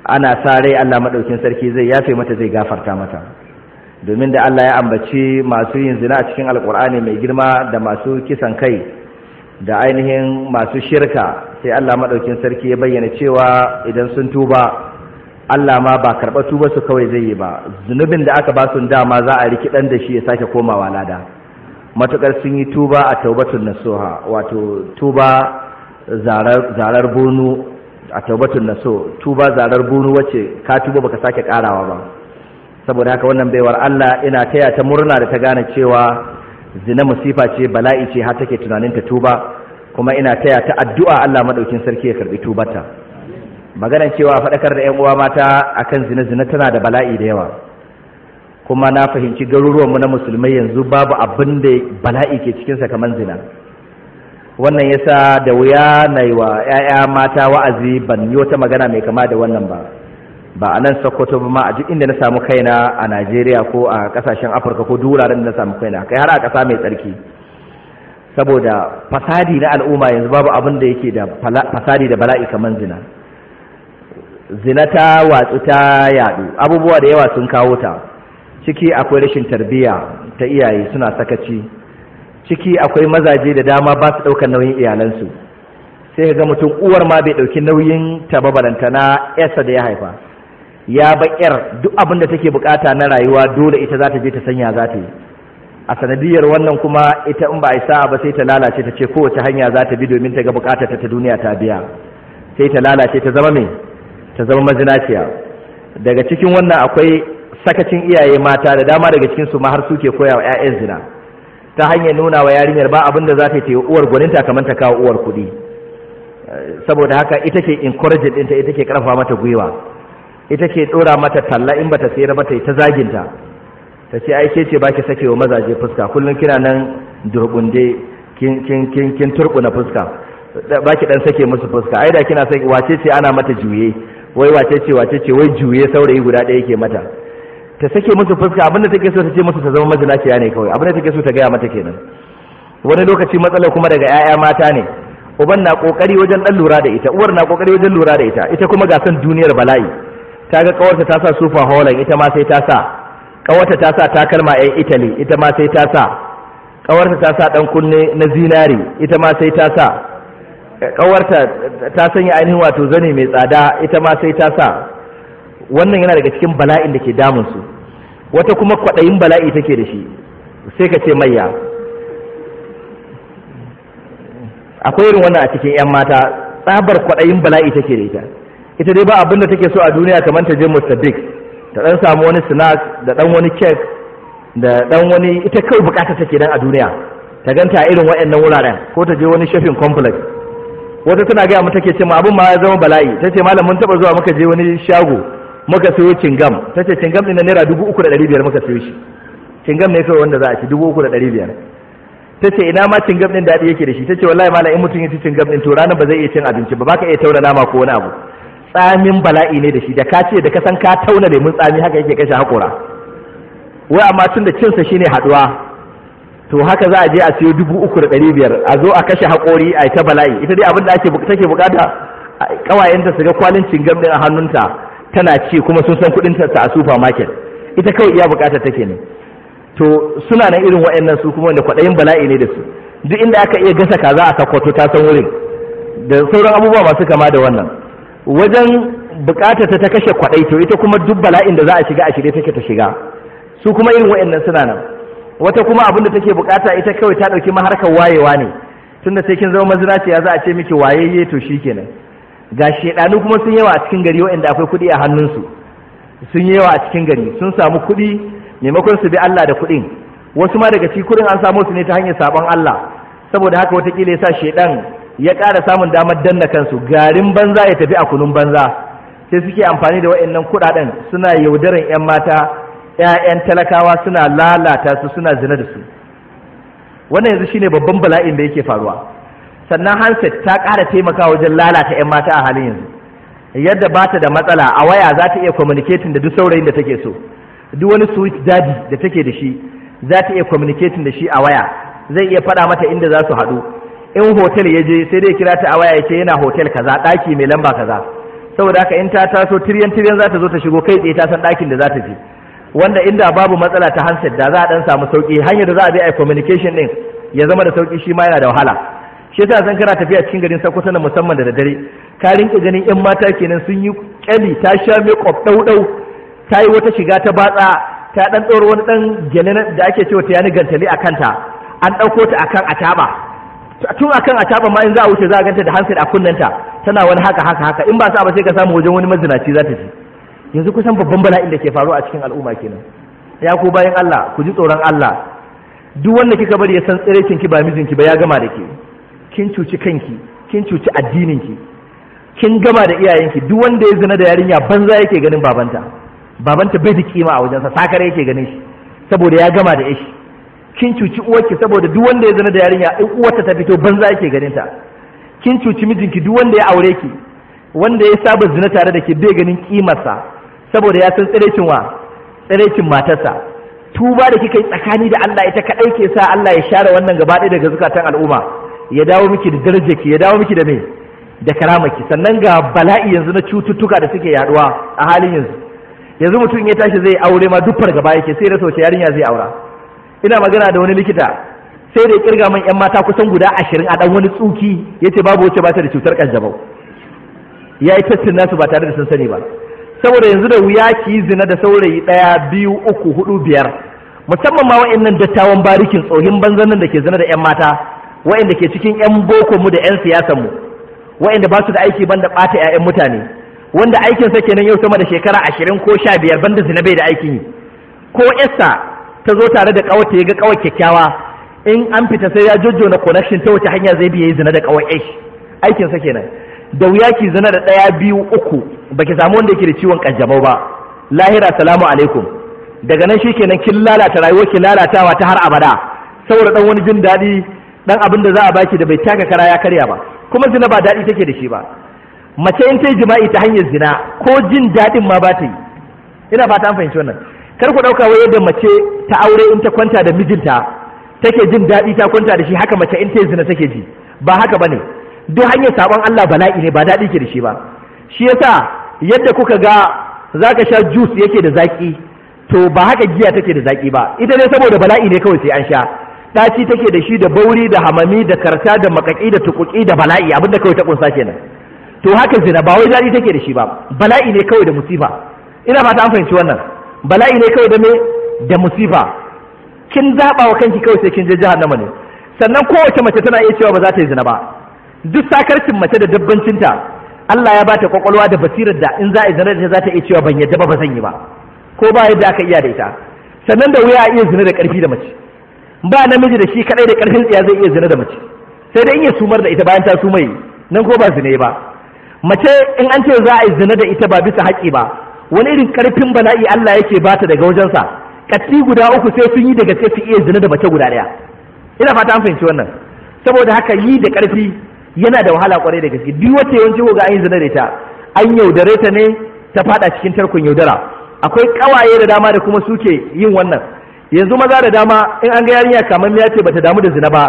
ana sa rai Allah madaukin sarki zai yafe mata zai gafarta mata domin da Allah ya ambaci masu yin zina a cikin alkur'ani mai girma da masu kisan kai da ainihin masu shirka sai Allah madaukin sarki ya bayyana cewa idan sun tuba Allah ma ba karɓar tuba su kawai zai yi ba zunubin da aka ba su dama za a riki dan da shi ya sake komawa lada matukar sun yi tuba a taubatun nasoha wato tuba zarar bunu a taubatun naso tuba zarar bunu wace ka tuba baka sake karawa ba saboda haka wannan baiwar Allah ina taya ta murna da ta gane cewa zina musifa ce bala'i ce har take tunanin ta tuba kuma ina taya ta addu'a Allah madaukin sarki ya karɓi tubarta maganar cewa faɗakar da 'yan uwa mata akan zina zina tana da bala'i da yawa kuma na fahimci garuruwanmu na musulmai yanzu babu abin da bala'i ke cikinsa kaman zina wannan yasa da wuya na wa 'ya'ya mata wa'azi ban yi wata magana mai kama da wannan ba ba a nan sokoto ba ma a duk inda na samu kaina a najeriya ko a kasashen afirka ko duraren da na samu kaina kai har a ƙasa mai tsarki saboda fasadi na al'umma yanzu babu abin da yake da fasadi da bala'i kaman zina zina ta watsu ta yadu abubuwa da yawa sun kawo ta ciki akwai rashin tarbiya ta iyaye suna sakaci ciki akwai mazaje da dama ba su ɗaukar nauyin iyalansu sai ga mutum uwar ma bai ɗauki nauyin ta na yarsa da ya haifa ya baƙyar duk abin da take bukata na rayuwa dole ita za ta je ta sanya za ta yi a sanadiyar wannan kuma ita in ba a sa'a ba sai ta lalace ta ce kowace hanya za ta bi domin ta ga bukatar ta ta duniya ta biya sai ta lalace ta zama mai ta zama mazinaciya daga cikin wannan akwai sakacin iyaye mata da dama daga cikin su ma har suke koya wa 'ya'yan zina ta hanyar nuna wa yarinyar ba abin da za ta yi uwar gwaninta kamar ta kawo uwar kuɗi saboda haka ita ke encourage ɗinta ita ke karfafa mata gwiwa ita ke ɗora mata talla in ba ta sayar ba ta yi ta zaginta ta ce ke ce baki sake wa mazaje fuska kullum kina nan durkunde kin kin kin kin turkuna fuska baki dan sake musu fuska ai da kina sake wace ce ana mata juye wai wace ce wace ce wai juye saurayi guda ɗaya yake mata ta sake musu fuska abinda take so ta ce musu ta zama mazinaciya ne kawai abinda take so ta gaya mata kenan wani lokaci matsalar kuma daga 'ya'ya mata ne uban na kokari wajen dan lura da ita uwar na kokari wajen lura da ita ita kuma ga san duniyar bala'i ta ga kawarta ta sa sufa holan ita ma sai ta sa kawarta ta sa takalma ɗan italy ita ma sai ta sa kawarta ta sa dan kunne na zinari ita ma sai ta sa kawarta ta sanya ainihin wato zani mai tsada ita ma sai ta sa wannan yana daga cikin bala'in da ke damun su wata kuma kwaɗayin bala'i take da shi sai ka ce maiya akwai irin wannan a cikin 'yan mata tsabar kwaɗayin bala'i take da ita ita dai ba abin da take so a duniya kamar ta je mustapik ta ɗan samu wani snack da ɗan wani kek da ɗan wani ita kawai bukata take dan a duniya ta ganta a irin waannan wuraren ko ta je wani shafin complex wata tana gaya mu take ce ma abin ma ya zama bala'i ta ce malam mun taɓa zuwa muka je wani shago muka sayo cingam ta ce cingam ɗin na naira dubu uku da ɗari biyar muka sayo shi cingam ne kawai wanda za a ci dubu uku da ɗari biyar ta ce ina ma cingam ɗin daɗi yake da shi ta ce wallahi mala in mutum ya ci cingam ɗin to ranar ba zai iya cin abinci ba baka iya taura nama ko wani abu tsamin bala'i ne da shi da ka ce da ka san ka tauna lemun tsami haka yake kashe haƙora wai amma tun da cinsa shine haɗuwa to haka za a je a siyo dubu uku da ɗari biyar a zo a kashe haƙori a ta bala'i ita dai abin da ake take bukata kawayenta su ga kwalin cingam ɗin a hannunta tana ci kuma sun san kuɗin ta a supermarket ita kawai iya bukatar take ne to suna nan irin waɗannan su kuma wanda kwaɗayin bala'i ne da su duk inda aka iya gasa kaza a sakwato ta san wurin da sauran abubuwa masu kama da wannan wajen bukatar ta kashe kwaɗai to ita kuma duk bala'in da za a shiga a shirye take ta shiga su kuma irin waɗannan suna nan wata kuma abin da take bukata ita kawai ta ɗauki maharkar wayewa ne tunda sai kin zama mazinaciya za a ce miki wayeye to shikenan ga shedanu kuma sun yawa a cikin gari waɗanda akwai kuɗi a hannunsu sun yawa a cikin gari sun samu kuɗi maimakon su bi Allah da kuɗin wasu ma daga cikin kuɗin an samu su ne ta hanyar sabon Allah saboda haka watakila ya sa shedan ya ƙara samun damar danna kansu garin banza ya tafi a kunun banza sai suke amfani da waɗannan kuɗaɗen suna yaudaran 'yan mata 'ya'yan talakawa suna lalata su suna zina da su wannan yanzu shine babban bala'in da yake faruwa sannan hanset ta ƙara taimaka wajen lalata 'yan mata a halin yanzu yadda ba ta da matsala a waya za ta iya communicating da duk saurayin da take so duk wani switch daddy da take da shi za ta iya communicating da shi a waya zai iya faɗa mata inda za su haɗu in hotel ya je sai dai kira ta a waya ya ce yana hotel kaza ɗaki mai lamba kaza saboda haka in ta taso tiryan tiryan za ta zo ta shigo kai tsaye ta san ɗakin da za ta je wanda inda babu matsala ta hanset da za a ɗan samu sauƙi hanyar da za a bi a communication ɗin ya zama da sauƙi shi ma yana da wahala shi yasa san kana tafiya cikin garin Sokoto na musamman da dare ka rinka ganin yan mata kenan sun yi kyali ta sha makeup dau ta yi wata shiga ta batsa ta dan tsoro wani dan gele da ake cewa ta yani gantali a kanta an dauko ta akan ataba tun akan ataba ma in za a wuce za a ganta da hanset a kunnanta tana wani haka haka haka in ba sa ba sai ka samu wajen wani mazinaci za ta ji yanzu kusan babban bala'in da ke faruwa a cikin al'umma kenan ya ku bayan Allah ku ji tsoron Allah duk wanda kika bari ya san tsirekin ki ba mijinki ba ya gama da ke kin cuci kanki kin cuci addininki kin gama da iyayenki duk wanda ya zina da yarinya banza yake ganin babanta babanta bai da kima a wajensa sakar yake ganin shi saboda ya gama da ishi kin cuci uwarki saboda duk wanda ya zina da yarinya in uwarta ta fito banza yake ganin ta kin cuci mijinki duk wanda ya aure ki wanda ya saba zina tare da ke bai ganin kimarsa saboda ya san tsirecin wa tsirecin matarsa tuba da kika yi tsakani da Allah ita kadai ke sa Allah ya share wannan gaba ɗaya daga zukatan al'umma ya dawo miki da ki. ya dawo miki da me da karamarki sannan ga bala'i yanzu na cututtuka da suke yaduwa a halin yanzu yanzu mutum ya tashi zai aure ma duk fargaba yake sai da sauce yarinya zai aura ina magana da wani likita sai da kirga man yan mata kusan guda ashirin a dan wani tsuki yace babu wacce ba ta da cutar kanjamau ya yi nasu ba tare da sun sani ba saboda yanzu da wuya ki zina da saurayi daya biyu uku hudu biyar musamman ma wa'annan dattawan barikin tsohin banzan da ke zina da yan mata wa'inda ke cikin 'yan boko mu da 'yan siyasan mu wa'inda ba su da aiki banda ɓata 'ya'yan mutane wanda aikin sa kenan yau sama da shekara ashirin ko sha biyar banda bai da aikin yi ko esta ta zo tare da ta ya ga ƙawar kyakkyawa in an fita sai ya jojjona connection ta wace hanya zai biya zina da ƙawar aish aikin sa kenan da wuya ki zina da ɗaya biyu uku baki samu wanda yake da ciwon kanjamau ba lahira salamu alaikum daga nan shi kenan kin lalata rayuwar ki lalatawa ta har abada saboda dan wani jin daɗi dan abin da za a baki da bai taka kara ya karya ba kuma zina ba daɗi take da shi ba mace in ta yi jima'i ta hanyar zina ko jin daɗin ma ba ta yi ina ba an fahimci wannan kar ku ɗauka wai yadda mace ta aure in ta kwanta da mijinta take jin daɗi ta kwanta da shi haka mace in ta yi zina take ji ba haka bane duk hanyar sabon Allah bala'i ne ba daɗi ke da shi ba shi yasa yadda kuka ga zaka sha juice yake da zaki to ba haka giya take da zaki ba ita ne saboda bala'i ne kawai sai an sha daci take da shi da bauri da hamami da karta da makaki da tukuki da bala'i abin da kawai ta kunsa kenan to haka zina ba wai daɗi take da shi ba bala'i ne kawai da musifa ina ta an fahimci wannan bala'i ne kawai da me da musifa kin zaɓawa wa kanki kawai sai kin je jahannama ne sannan kowace mace tana iya cewa ba za ta yi zina ba duk sakarcin mace da dabbancinta Allah ya ba ta kwakwalwa da basirar da in za a yi zina da za ta iya cewa ban yadda ba ba zan yi ba ko ba yadda aka iya da ita sannan da wuya a iya zina da ƙarfi da mace ba namiji da shi kadai da karfin tsiya zai iya zina da mace sai dai in ya sumar da ita bayan ta mai nan ko ba zina ba mace in an ce za a yi zina da ita ba bisa haƙi ba wani irin karfin bala'i Allah yake ta daga wajensa katti guda uku sai sun yi daga sai su iya zina da mace guda daya ina fata an fahimci wannan saboda haka yi da karfi yana da wahala kwarai da gaske duk wata yawanci ga an yi zina da ita an yaudare ta ne ta fada cikin tarkon yaudara akwai kawaye da dama da kuma suke yin wannan yanzu maza da dama in an ga yarinya kamar ya ce bata damu da zina ba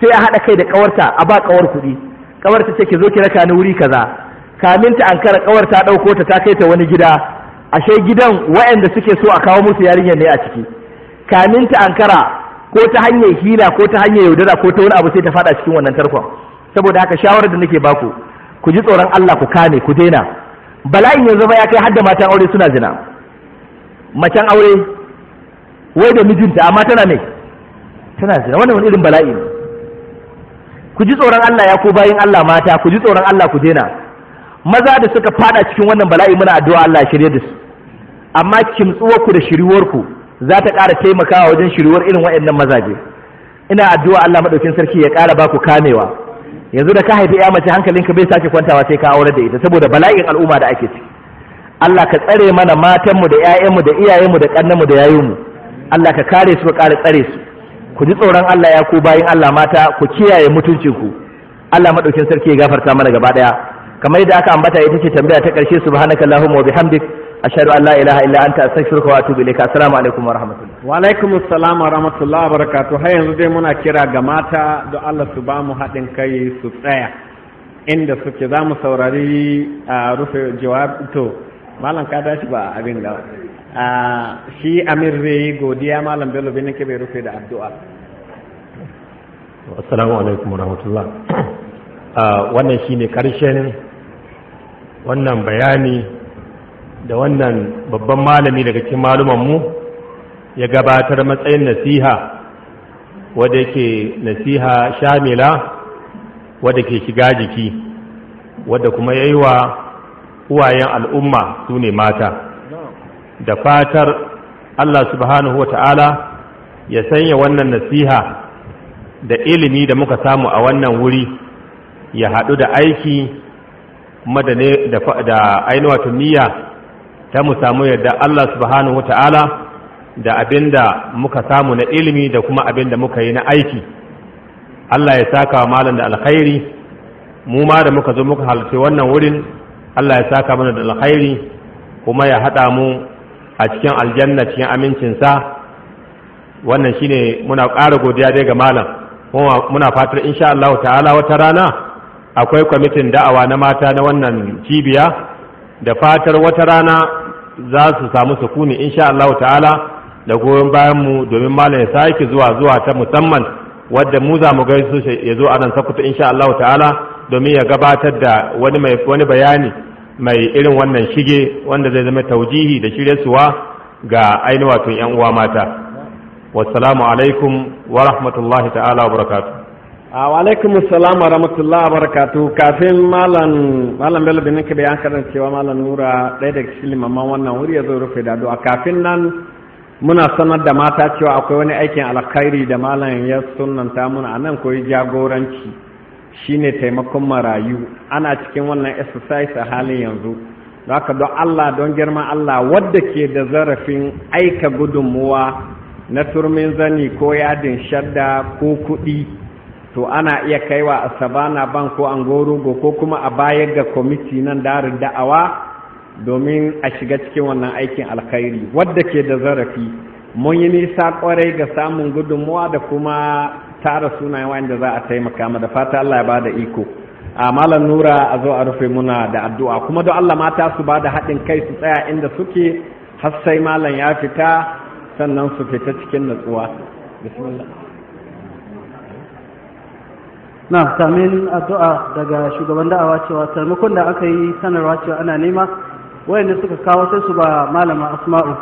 sai a haɗa kai da kawarta a ba kawar kuɗi kawarta ce ki zo ki raka ni wuri kaza kamin ta ankara kawar ta ɗauko ta ta kai ta wani gida ashe gidan waɗanda suke so a kawo musu yarinyar ne a ciki kamin ta ankara ko ta hanyar hila ko ta hanyar yaudara ko ta wani abu sai ta fada cikin wannan tarkon saboda haka shawarar da nake baku ku ji tsoron Allah ku kame ku daina bala'in yanzu ba ya kai hadda matan aure suna zina macen aure wai da mijinta amma tana mai tana zina wannan wani irin bala'i ne ku ji tsoron Allah ya ko bayin Allah mata ku ji tsoron Allah ku daina maza da suka fada cikin wannan bala'i muna addu'a Allah ya shirye da su amma kimtsuwar ku da shiriwar ku za ta ƙara taimakawa wajen shiriwar irin waɗannan mazaje ina addu'a Allah madaukin sarki ya ƙara ba ku kamewa yanzu da ka haifi ya mace hankalinka bai sake kwantawa sai ka aure da ita saboda bala'in al'umma da ake ci. Allah ka tsare mana matanmu da 'ya'yanmu da iyayenmu da ƙannenmu da yayinmu Allah ka kare su ka kare tsare su ku ji tsoron Allah ya ku bayin Allah mata ku kiyaye mutuncin ku Allah madaukin sarki ya gafarta mana gaba daya kamar yadda aka ambata ita ce tambaya ta karshe subhanakallahumma wa bihamdik ashhadu an la ilaha illa anta astaghfiruka wa atubu ilaik assalamu alaikum wa rahmatullahi wa alaikum assalam wa rahmatullahi wa barakatuh har yanzu dai muna kira ga mata da Allah su ba mu haɗin kai su tsaya inda suke zamu saurari a ah, rufe jawab to malam ka dashi ba abin da Ah, shi amir zai godiya malam bello bin ke bai rufe da addu'a assalamu alaikum warahmatullah ah, wannan shine karshen wannan bayani da wannan babban malami daga cikin maluman mu ya gabatar matsayin nasiha wadda yake nasiha shamila wadda ke shiga jiki wadda kuma yayi wa uwayen al'umma su ne mata da fatar Allah subhanahu wa ta'ala ya sanya wannan nasiha da ilimi da muka samu a wannan wuri ya haɗu da aiki kuma da ainihin niyya ta mu samu yadda Allah subhanahu wa ta'ala da abin da muka samu na ilimi da kuma abin da muka yi na aiki Allah ya saka wa malam da alkhairi mu ma da muka zo muka halarci wannan wurin Allah ya saka mana da alkhairi kuma ya haɗa mu a cikin aljanna cikin amincinsa wannan shine muna ƙara godiya dai ga malam muna fatar insha Allah ta'ala wata rana akwai kwamitin da'awa na mata na wannan cibiya da fatar wata rana za su samu sukuni insha Allah ta'ala da goyon bayan mu domin malam ya sake zuwa zuwa ta musamman wadda mu za mu gaisu ya zo a nan sakuta insha Allah ta'ala domin ya gabatar da wani wani bayani mai irin wannan shige wanda zai zama taujihi da suwa ga ainihin wato yan uwa mata wassalamu alaikum wa rahmatullahi ta'ala wa a wa alaikum assalam wa rahmatullahi wa barakatu. kafin malam malam bello bin kabe an kadan cewa malam nura ɗaya daga cikin limaman wannan wuri ya zo rufe da addu'a kafin nan muna sanar da mata cewa akwai wani aikin alkhairi da malam ya sunanta muna nan koyi jagoranci shine taimakon marayu ana cikin wannan exercise a halin yanzu haka don Allah don girma Allah wadda ke da zarafin aika gudunmuwa na turmin zani ko yadin shadda ko kuɗi to ana iya kaiwa a sabana ban ko angorogo ko kuma a bayar ga kwamiti nan darin da'awa domin a shiga cikin wannan aikin alkhairi wadda ke da zarafi mun yi nisa kwarai ga samun gudunmuwa da kuma tara sunayen wanda za a taimaka ma da fata Allah ya bada iko a malam nura a zo a rufe muna da addu'a kuma don Allah mata su ba da haɗin kai su tsaya inda suke har sai malam ya fita sannan su fita cikin natsuwa na samin addu'a daga shugaban da'awa cewa taimakon da aka yi sanarwa cewa ana nema wayanda suka kawo sai su ba malama asma'u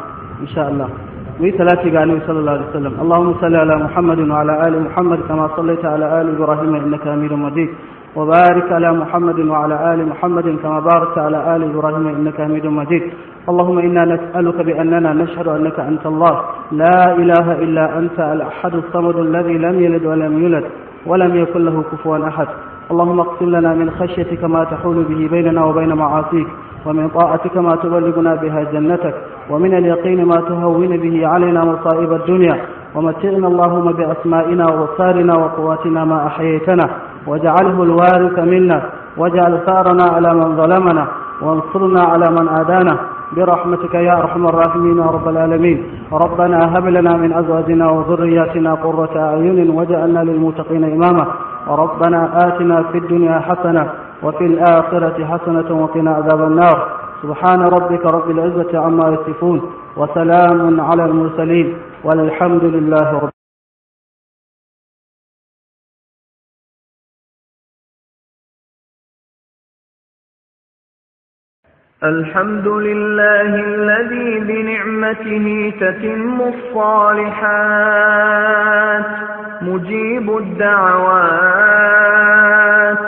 insha Allah ثلاثي قال صلى الله عليه وسلم اللهم صل على محمد وعلى آل محمد كما صليت على آل إبراهيم إنك أمير مجيد وبارك على محمد وعلى آل محمد كما باركت على آل إبراهيم إنك حميد مجيد اللهم إنا نسألك بأننا نشهد أنك أنت الله لا إله إلا أنت الأحد الصمد الذي لم يلد ولم يولد ولم يكن له كفوا أحد اللهم اقسم لنا من خشيتك ما تحول به بيننا وبين معاصيك ومن طاعتك ما تبلغنا بها جنتك ومن اليقين ما تهون به علينا مصائب الدنيا ومتعنا اللهم بأسمائنا وأبصارنا وقواتنا ما أحييتنا واجعله الوارث منا واجعل ثارنا على من ظلمنا وانصرنا على من آذانا برحمتك يا أرحم الراحمين يا رب العالمين ربنا هب لنا من أزواجنا وذرياتنا قرة أعين واجعلنا للمتقين إماما ربنا آتنا في الدنيا حسنة وفي الآخرة حسنة وقنا عذاب النار سبحان ربك رب العزة عما يصفون وسلام على المرسلين والحمد لله رب الحمد لله الذي بنعمته تتم الصالحات مجيب الدعوات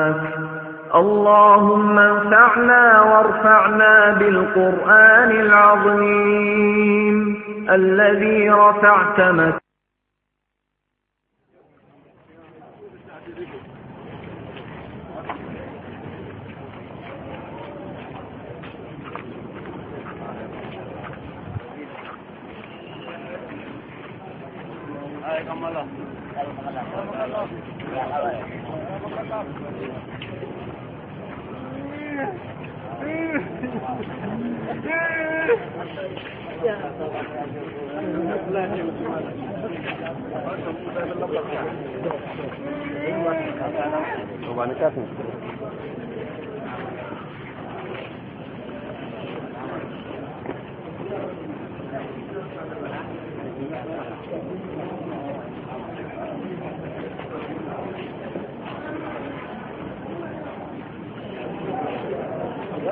اللهم انفعنا وارفعنا بالقرآن العظيم الذي رفعت مكانا Thank you. طبعا كافي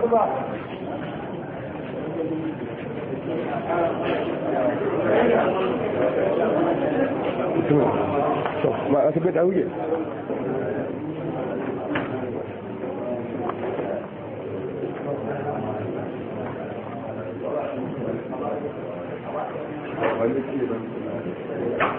الصباح شوف ما اثبت قويه Thank you.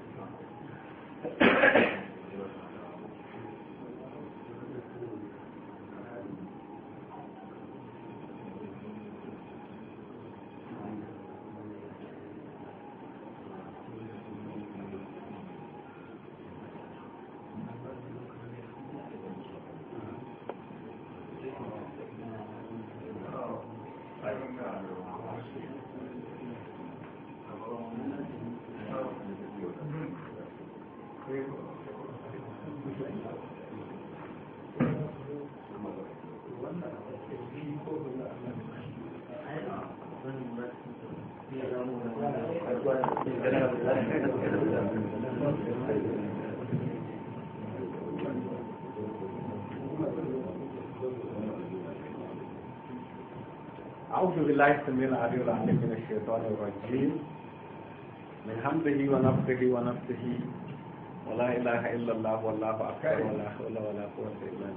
أعوذ بالله السميع العلي العليم من الشيطان الرجيم من حمده ونفخه ونفسه ولا إله إلا الله والله أكبر ولا حول ولا قوة إلا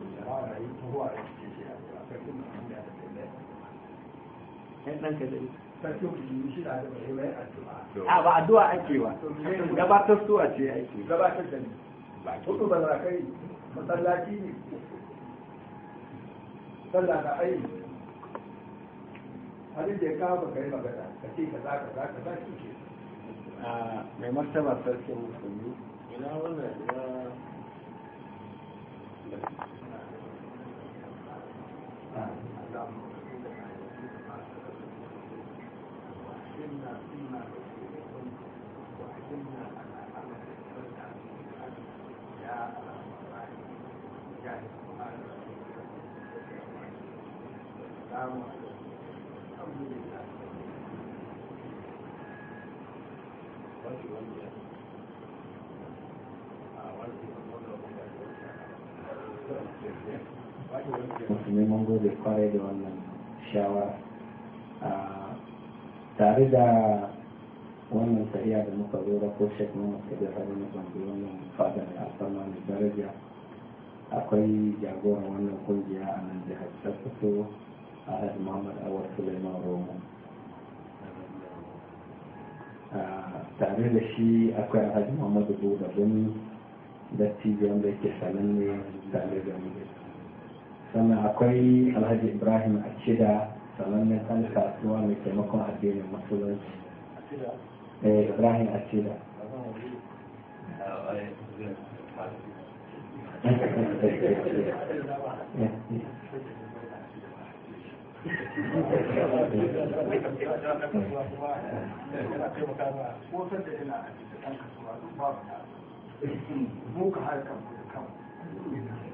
بالله a ba addu'a gabatar su a ce ake gabatar da ne hudu ba za kai masallaci ne sallah da aini abin da ya kawo ba yi magana ka ce ka za ka ka ki ke a mai martaba sarkin musulmi ina wannan ina Thank you. gode kware da wannan shawara tare da wannan sariya da muka zo da ko shek na muka da tare na zambi wannan da alfarma mai daraja akwai jagoran wannan kungiya a nan jihar sassato a hajji muhammad awar suleiman romo tare da shi akwai alhaji muhammadu buda gani dattijo wanda yake salon ne tare da mu sannan akwai alhaji ibrahim a shida sanannen ɗan kasuwa mai taimakon addinin musulunci ibrahim a shida Thank you.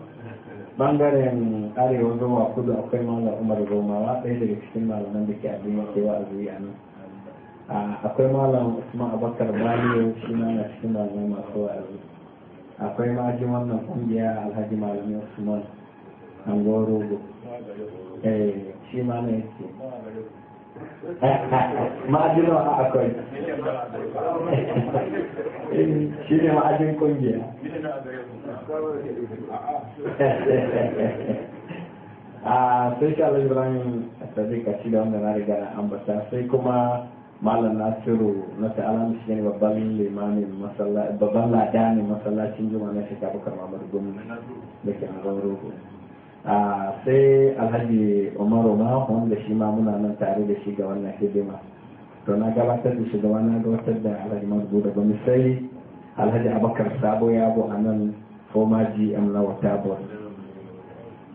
bangaren arewa zuwa kudu akwai malam umar gomawa ɗaya daga cikin malaman da ke addini ke wa azuri a nan akwai malam usman abakar baliyo shi ma na cikin malamai masu wa'azi akwai ma ji wannan kungiya alhaji malamai usman angoro eh, shi ma na yake ma'ajin wa a akwai shi ne ma'ajin kungiya a ah, sai shi ibrahim sadiq a da wanda na riga na ambata sai kuma malam nasiru na ta'ala shi ne babban limamin masallaci babban ladanin masallacin juma na shekaru kamar gwamnati da ke an A sai alhaji umaru ma wanda shi ma muna nan tare da shi ga wannan hidima to na gabatar da shugaba na gabatar da alhaji mazubu da bani sai alhaji abakar sabo ya bu a nan foma gm na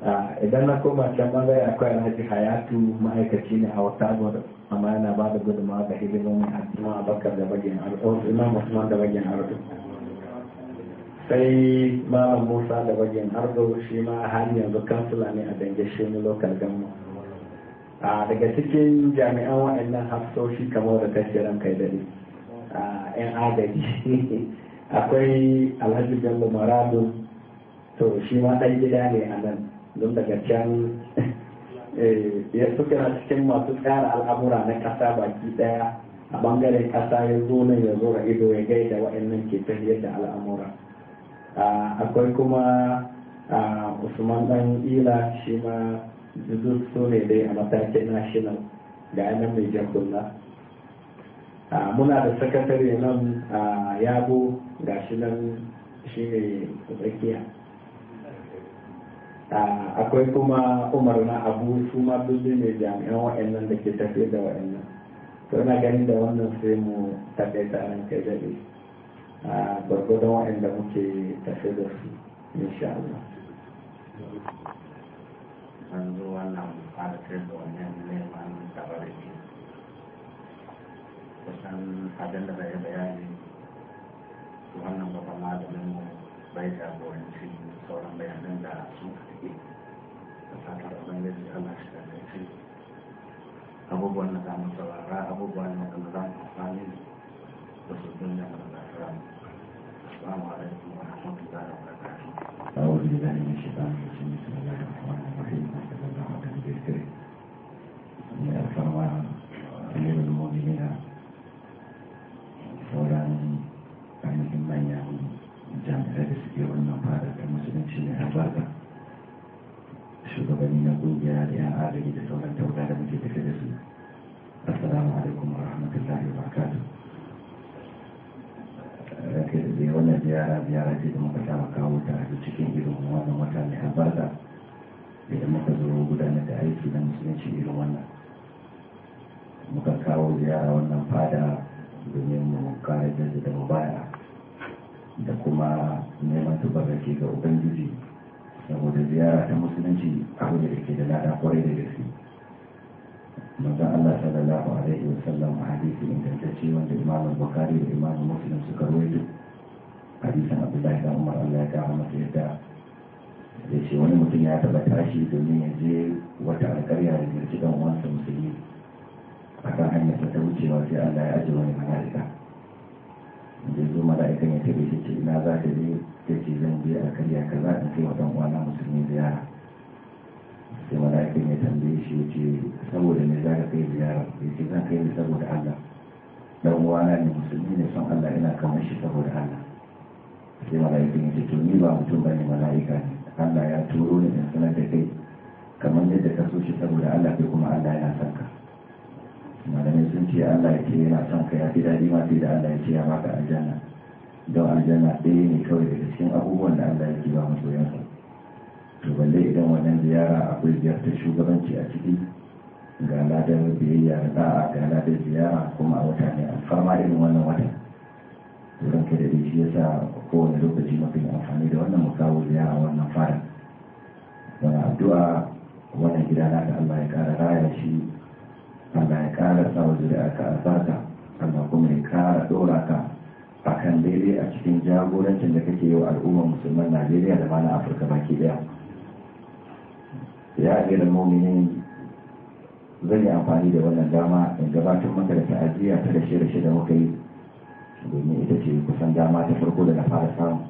A idan na koma can bangare akwai alhaji hayatu ma'aikaci ne a watabor amma yana ba da gudunmawa ga hidimomin addinin abakar da bagin al'adu imam da bagin al'adu sai ma musa da bagin har shi ma a hali yanzu kansula ne a dange shi ne lokal gama a daga cikin jami'an waɗannan hafsoshi kamar da ran kai dare a yan agaji akwai alhaji bello marado to shi ma ɗan gida ne a nan don daga can eh, ya suka cikin masu tsara al'amura na ƙasa baki ɗaya a ɓangaren ƙasa ya zo nan ya zo ido ya gaida waɗannan ke tafiyar da al'amura akwai kuma a usman dan ila shi ma duk su ne dai a matakin national ga yanar mai jakunna muna da sakatare nan a yabo ga shi nan shi ne tsakiya akwai kuma umar na abu su ma duk ne jami'an wa'annan da ke tafiye da wa'annan to na ganin da wannan sai mu taɓe tsarin kai daɗe a gwargwadon waɗanda muke tafe da su insha Allah. Yanzu wannan da wannan neman gaba da kusan da bayani wannan mu bai jagoranci sauran bayanan da sun kaɗe da fatar shi da abubuwan da za mu saurara abubuwan da za mu amfani أعوذ بالله من الشيطان الرجيم بسم الله الرحمن الرحيم وصلى الله على نبي الكريم فرمان أمير المؤمنين sauran ainihin manyan jami'ai da suke wannan fara ta musulunci ne a baka shugabanni na kungiya da yan agaji da sauran tauka da muke tafi da su assalamu alaikum ziyara ziyara ce da muka saba kawo ta da cikin irin wannan wata mai albarka idan muka zo gudanar da aiki na musulunci irin wannan muka kawo ziyara wannan fada domin mu kare da mubaya da kuma neman tubarrake ga ubangiji saboda ziyara ta musulunci abu da ke da lada kwarai da gaske manzon Allah sallallahu alaihi wasallam a hadisi ingantacce wanda imamu bukari da imamu muslim suka rawaito hadisin abdullahi da umar allah ya kama masa yadda ya ce wani mutum ya taɓa tashi domin ya je wata alƙarya da ci ɗan uwansa musulmi a kan hanyar ta wucewa sai allah ya aji wani mala'ika da zo mala'ikan ya taɓa shi ce ina za ka je ta ce zan je alƙarya za in kai wa ɗan uwana musulmi ziyara sai mala'ikan ya tambaye shi ya ce saboda me za ka kai ziyara ya ce zan kai ne saboda allah ɗan uwana ne musulmi ne son allah ina kamar shi saboda allah sai mala'ika ya ce to ni ba mutum ne mala'ika Allah ya turo ni in sanar da kai kamar yadda ka so shi saboda Allah kai kuma Allah yana son ka malamai sun ce Allah ya ce yana son ka ya fi daɗi ma sai da Allah ya ce ya baka aljanna don aljanna ɗaya ne kawai daga cikin abubuwan da Allah ya ke ba masoyansa to balle idan wannan ziyara akwai ziyartar shugabanci a ciki ga ladar biyayya da da'a ga ladar ziyara kuma a wata ne alfarma irin wannan watan Wurin ranka shi ya sa. kowane lokaci mafi amfani da wannan musawo ziyara wannan fara da addu'a wannan gida na da Allah ya kara raya shi Allah ya kara sa wajen da ka albarka Allah kuma ya kara dora ka a kan daidai a cikin jagorancin da kake yi wa al'ummar musulman Najeriya da ma na Afirka baki daya ya ajiyar mominin zan yi amfani da wannan dama in gabatar maka da ta'aziyya ta da shirye da muka yi domin ita ce kusan dama ta farko daga fara samu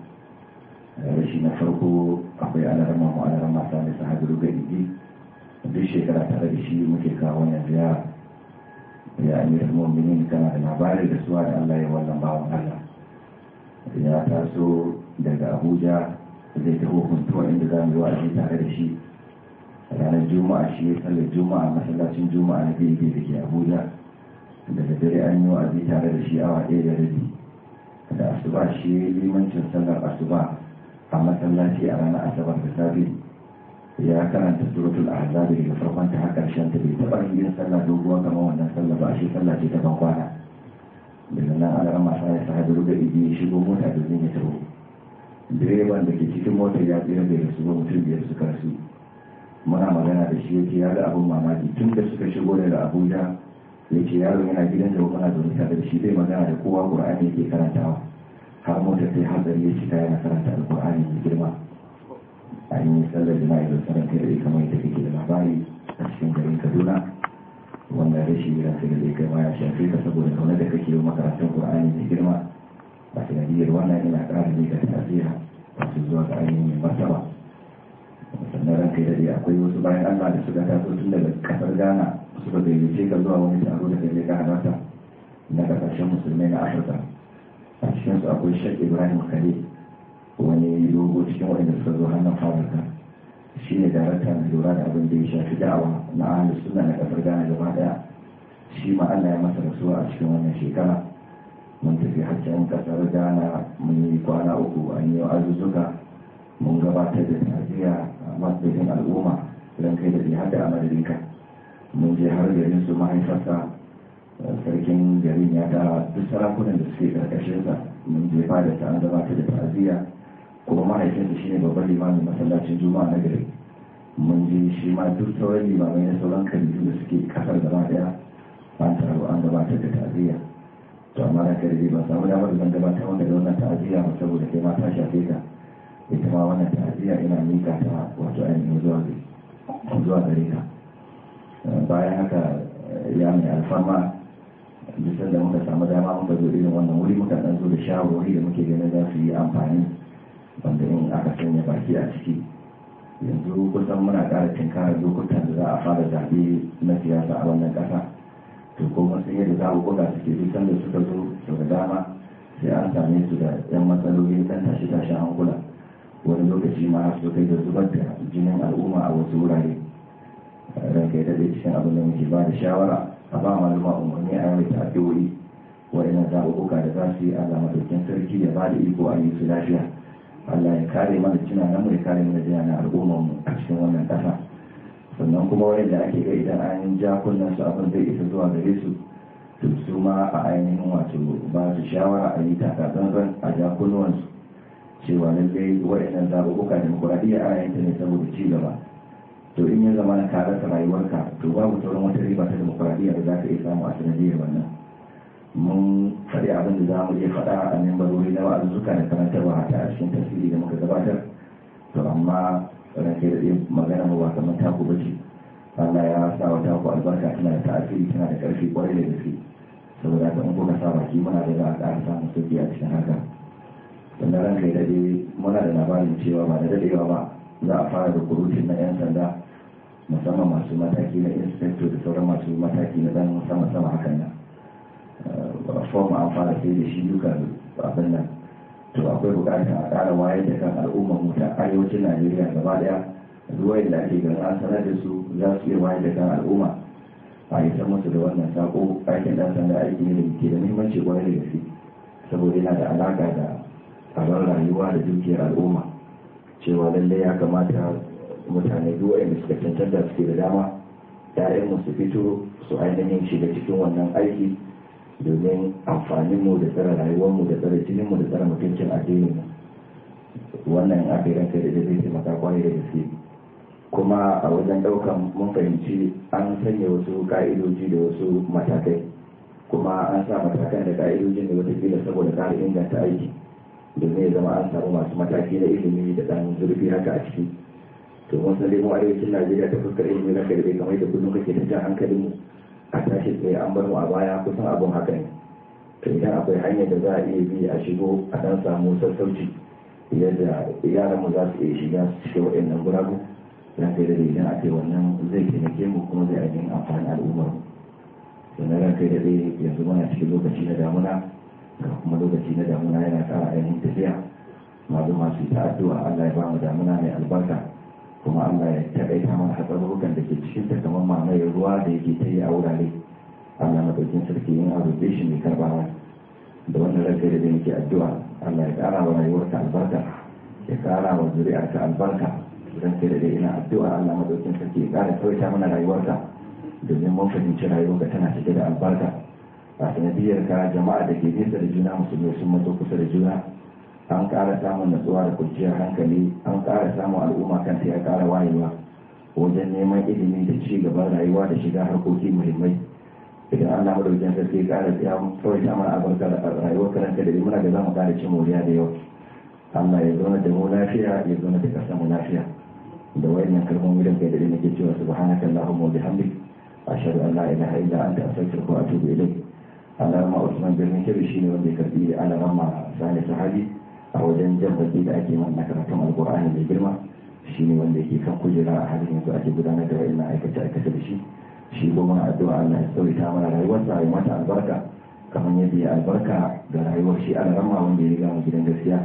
eh, rashi na farko akwai alarama mu alarama sami sahabiru ga duk shekara tare da shi muke kawo wannan ziyara ya amir mu'minin kana da labari da suwa da Allah ya wallan bawo Allah ya taso daga Abuja zai taho kuntuwa inda za mu yi wa'azi tare da shi ranar juma'a shi ya sallar juma'a masallacin juma'a na daidai da ke Abuja Daga dare an yi wa'azi tare da shi a ɗaya da rabi da asuba shi ya yi limancin sallar asuba a masallaci a ranar asabar da safe ya karanta suratul ahzab daga farkon ta har karshen ta bai taɓa yin sallah doguwa kamar wannan sallah ba shi sallah ce ta ban kwana daga nan alaran masu ya sahabi ruga idi ya shigo mota da zai ya taho direban da ke cikin motar ya tsira bai rasu ba mutum biyar suka rasu muna magana da shi yake ya ga abun mamaki tun da suka shigo daga abuja ya ce yaro yana gidan da wani zaune tare da shi zai magana da kowa qur'ani ke karantawa har motar sai hazari ya cika yana karanta alqur'ani mai girma a yi sallar jima'i da sanar kai da kamar yadda kake da labari a cikin garin kaduna wanda rashin yana sai da zai kai ma ya shafe ka saboda kauna da kake yi makarantar qur'ani mai girma a sanadiyar wannan yana ƙara ne tasiri tafiya wasu zuwa ga ainihin mai martaba sannan kai da akwai wasu bayan allah da suka taso tun daga kasar ghana suka gayyace ka zuwa wani taro da kai ka halarta na kasashen musulmai na afirka a cikinsu akwai shek ibrahim kare wani dogo cikin wani suka zo hannun fabrika shi ne darakta na lura da abin da ya shafi da'awa na ahalus suna na kasar ghana gaba daya shi ma allah ya masa rasuwa a cikin wannan shekara mun tafi hajjin kasar gana mun yi kwana uku an yi azuzuka mun gabatar da tarbiyya a matsayin al'umma don kai da zai haɗa a kai mun je har garin su mahaifarsa eh, sarkin garin ya tara duk sarakunan da suke sa mun je ba da ta an gabatar da ta'aziyya kuma mahaifinsa ne babban limamin masallacin juma'a na gari. mun je shi ma duk sauran limamai na sauran kabilu da suke kasar gaba daya an taro an gabatar da ta'aziyya to amma na karbe ba samu damar zan gabatar wanda da wannan ta'aziyya ba saboda kai ma ta shafe ka ita ma wannan ta'aziyya ina mika ta wato ainihin zuwa gari ka Eh, bayan haka eh, ya mai alfama jisar da muka samu dama muka zo irin wannan wuri muka dan zo da shawarwari da muke ganin za su yi amfani wanda in aka sanya baki a ciki yanzu kusan muna kara tinkara lokutan da za a fara zaɓe na siyasa a wannan ƙasa to ko sun yadda za a buga suke duk sanda suka zo sau da dama sai an same su da yan matsaloli kan tashi tashin hankula wani lokaci ma su kai da zubar da jinin al'umma a wasu wurare ranka da zai cikin abin da muke ba da shawara a ba maluma umarni a yawai ta addu'o'i waɗannan zaɓuɓɓuka da za su yi Allah madaukin sarki ya ba da iko a yi su lafiya Allah ya kare mana tunanin mu ya kare mana na al'ummar mu a cikin wannan ƙasa sannan kuma da ake ga idan an ja kunnen su abin zai isa zuwa gare su to su ma a ainihin wato ba su shawara a yi takatsantsan a ja kunnuwansu cewa lallai waɗannan zaɓuɓɓuka demokuraɗiyya a yayin ta ne saboda ci gaba to in ya zama ka rasa rayuwarka to babu sauran wata riba ta demokuraɗiyya da za ka iya samu a sanadiyar wannan mun faɗi abin da za mu iya faɗa a membarori na wa'azuzzuka da karantarwa a ta cikin tasiri da muka gabatar to amma ranke da magana mu ba kamar taku ba ce Allah ya sa wa taku albarka tana da ta'asiri tana da ƙarfi ƙwarai da gaske saboda ta in kuka sa baki muna da za a ƙara samun sauƙi a cikin haka sannan ranke da ɗin muna da labarin cewa ba da daɗewa ba za a fara da kurutun na 'yan sanda musamman masu mataki na inspector da sauran masu mataki na dan sama sama hakan nan eh, fom an fara sai da shi duka abin nan to akwai bukatar a ƙara wayar da kan al'ummar mu ta arewacin najeriya gaba daya zuwa da ake ganin an sanar da su za su iya wayar da kan al'umma a yi san musu da wannan sako aikin ɗan sanda aiki ne da ke da muhimmanci kwarai da gaske saboda yana da alaka da tsaron rayuwa da dukiyar al'umma cewa lallai ya kamata mutane duk da suka cancanta suke da dama ‘ya'yanmu su fito su ainihin shiga cikin wannan aiki domin amfaninmu da tsara mu da tsara mu da tsara mutuncin addininmu wannan abin da kai da zai taimaka kwarai da gaske kuma a wajen ɗaukan mun fahimci an sanya wasu ka'idoji da wasu matakai kuma an sa matakan da ka'idojin da watakila saboda ƙara inganta aiki domin ya zama an samu masu mataki na ilimi da ɗan zurfi haka a ciki to mun san dai arewacin najeriya ta fuskar ilimi na karbe kamar da kullum kake ta jan hankalin mu a tashi tsaye an bar mu a baya kusan abun haka ne to idan akwai hanyar da za a iya bi a shigo a dan samu sassauci yadda yaran mu za su iya shiga su cikin waɗannan guragu za ka yi da a ce wannan zai taimake mu kuma zai ainihin amfani al'ummar mu sannan kai da zai yanzu mana cikin lokaci na damuna ga kuma lokaci na damuna yana ƙara ainihin tafiya masu masu ta addu'a Allah ya ba mu damuna mai albarka kuma Allah ya taƙaita mana hatsarurukan da ke cikin ta kamar mamaye ruwa da yake ta yi a wurare Allah madaukin sarki yin arzube shi mai karbawa da wannan rage da yake addu'a Allah ya ƙara wa rayuwarka albarka ya ƙara wa zuri'arka albarka idan sai da ina addu'a Allah ɗaukin sarki ya ƙara tsawaita mana rayuwarka domin mun fahimci rayuwarka tana cike da albarka a ka jama'a da ke nesa da juna musulmai sun mato kusa da juna an ƙara samun natsuwa da kwanciyar hankali an ƙara samun al'umma kan ya ƙara wayewa wajen neman ilimi da ci gaban rayuwa da shiga harkoki muhimmai idan Allah madaukakin sarki ya ƙara tsaya kawai ta mana albarkar rayuwar karanta da muna ga zamu ƙara cin moriya da yau Allah ya zauna da mu lafiya ya zauna da ƙasar mu lafiya da wayannan kalmomi da kai da nake cewa subhanaka allahumma wa bihamdik ashhadu an la ilaha illa anta astaghfiruka ko atubu ilayk alama usman birnin kebe ne wanda ya karbi alama sani sahabi a wajen jan baki da ake mana karatun alkur'ani mai girma shi ne wanda yake kan kujera a halin yanzu ake gudanar da wa'in aikace aikace da shi shi goma addu'a Allah ya tsawaita mana rayuwarsa ya mata albarka kamar yadda ya albarka da rayuwar shi an rama wanda ya riga mu gidan gaskiya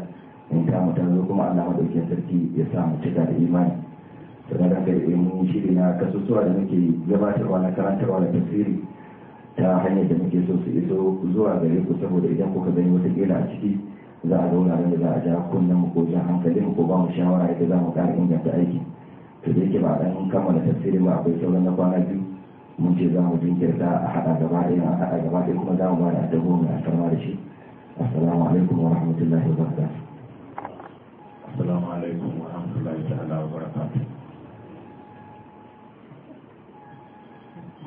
in ta mu zo kuma Allah madaukakin sarki ya sa mu cika da imani sannan da kai mun shiri na kasusuwa da muke gabatarwa na karantarwa da tafsiri ta hanyar da muke so su iso zuwa gare ku saboda idan kuka gani wata kila a ciki za a zauna inda za a ja kunnen mu ko jan mu ko ba mu shawara ita za mu ƙara inganta aiki to da yake ba dan kammala tafsiri ba akwai sauran na kwana biyu mun ce za mu jinkirta a haɗa gaba ɗaya a haɗa gaba ɗaya kuma za mu ba da adabo mai asama da shi assalamu alaikum wa rahmatullahi wa barakatuh assalamu alaikum wa rahmatullahi ta'ala wa barakatuh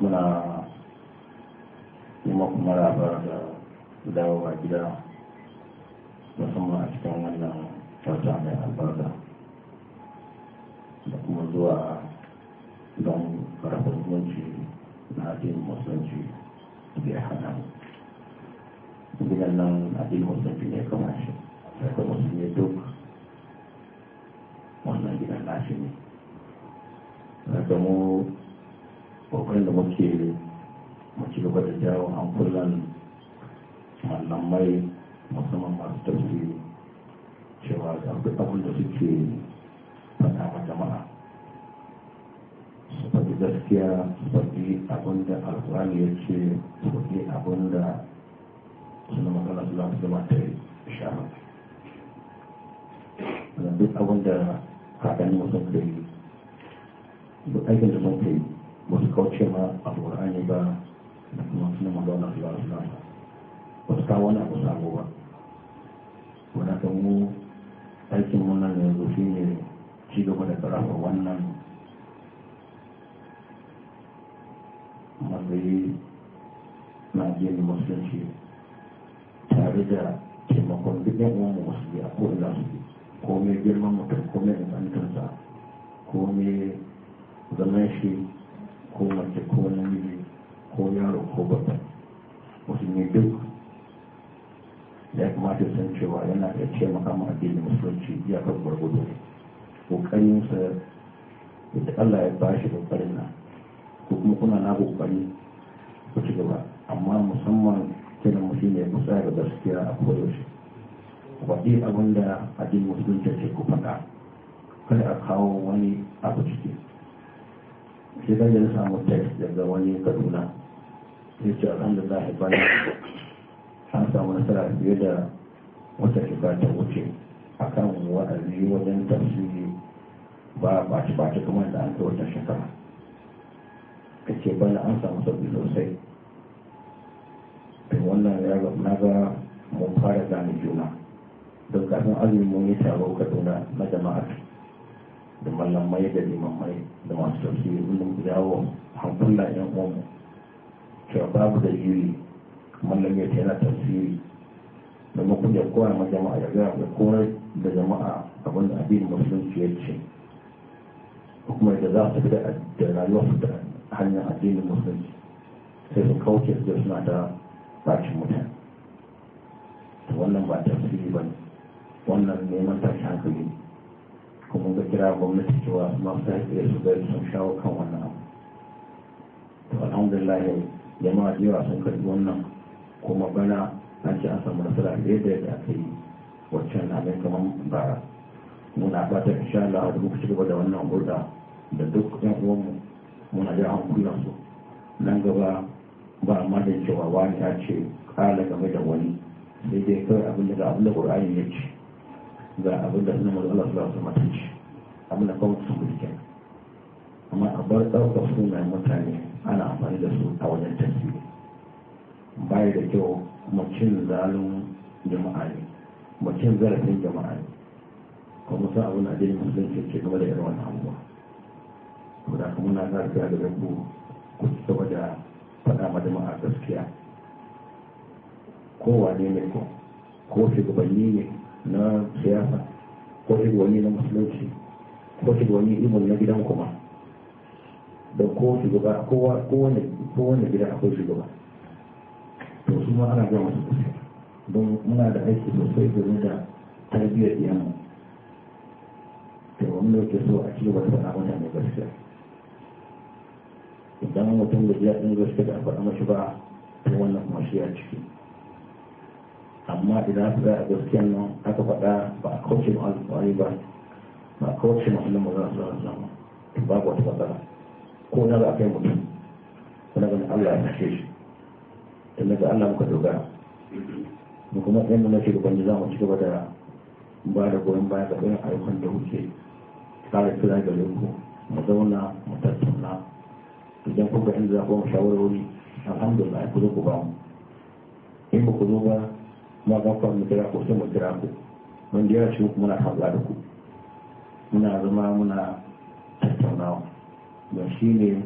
muna kuma kuma labar da dawowa gida musamman a cikin wannan kyauta mai albarka da kuma zuwa don karfin zumunci na addinin musulunci da ya hana gidan nan addinin musulunci ne kama shi sai kuma su ne duk wannan gidan nashi ne da mu kokarin da muke mu ci gaba da jawo hankulan mallamai musamman masu tafiye cewa da akwai abin da suke fata wa jama'a su faɗi gaskiya su faɗi abin da alƙur'ani ya ce su faɗi abin da suna magana su za su zama ta shara da duk abin da kaɗani mutum da yi duk aikin da sun ka yi ba su kauce ma alƙur'ani ba da kuma suna magana su za su zama ba su kawo wani abu sabo ba wadda mu aikin wannan yanzu shi ne ci gaba da karafa wannan matsayi na jini musulunci tare da taimakon duk yan uwan musulunci a ko za su ko me girman mutum ko me ingantarsa ko me zaman shi ko mace ko namiji ko yaro ko babba musulmi duk ya kamata san cewa yana da ce ma addinin musulunci ya kan gwargwado kokarinsa da Allah ya ba shi kokarin nan ko kuma kuna na kokari ku ci gaba amma musamman kiran mutum ya kusa da gaskiya a koyaushe ɗi abin da addinin musulunci ce ku faɗa kada a kawo wani abu ciki sai kan samu text daga wani kaduna sai ce alhamdulillah bana an samu nasara fiye da wata shiga ta wuce a kan wa'azi wajen tafsiri ba ba ci kuma da an ta wata shekara ka ce bala an samu sauƙi sosai to wannan ya ga na ga mun fara gane juna don kafin azumi mun yi taro kaduna na jama'a da mai da mai da masu tafsiri mun jawo hankula yan uwanmu cewa babu da jiri mallam ya yana tafsiri domin kun ya koya ma jama'a ya gaya ya koyar da jama'a abin da addinin musulunci ya ce kuma da za su fi da rayuwarsu da hanyar abin musulunci sai su kauce su suna da bacin mutane to wannan ba tafsiri ba ne wannan neman tashi hankali ne kuma ga kira gwamnati cewa masu haifiyar su bai sun shawo kan wannan abu to alhamdulillah yau jama'a jiwa sun karbi wannan kuma bana an ci an samu nasara fiye da aka yi waccan abin kamar bara muna fata insha Allah da muka ci gaba da wannan hulɗa da duk ɗan uwanmu muna ji an kula su nan gaba ba ma da cewa wani ya ce kala game da wani sai dai kawai abin da abin da Qur'ani ya ce ga abin da sunan manzo Allah sallallahu alaihi ce abin da kawai su mulke amma a bar ɗaukar sunayen mutane ana amfani da su a wajen tasiri bai da kyau mutum zalun jama'a ne mutum zarafin jama'a ne kuma sa abu na da yin musulunci ce game da irin wannan abubuwa kuma da kuma na zarfiya da rabu ku ci gaba da faɗa ma jama'a gaskiya kowane ne ko ko shugabanni ne na siyasa ko shugabanni na musulunci ko shugabanni ilimin na gidan kuma da ko shugaba kowane gida akwai shugaba to su ma ana ga masu don muna da aiki sosai domin da tarbiyyar iyamu to wanda yake so a cigaba da faɗa mata mai gaskiya idan mutum da ya ɗin gaskiya da a faɗa mashi ba to wannan kuma shi ya ciki amma idan za a gaskiya nan aka faɗa ba a kauce ma alƙawari ba ba a kauce ma Allah za su zama zama babu wata matsala ko na za a kai mutum ko kuma ganin Allah ya kashe shi tunda ga Allah muka dogara mu kuma tsayin da nake gaban za mu ci da ba da goyon baya ga irin ayyukan da kuke kare kira gare ku mu zauna mu tattauna idan kuka inda za ku mu shawarwari alhamdulillah ku zo ku ba mu in ba ku zo ba ma ga mu kira ku sai mu kira ku mun jira shi kuma na haɗa da ku muna zama muna tattaunawa don shi ne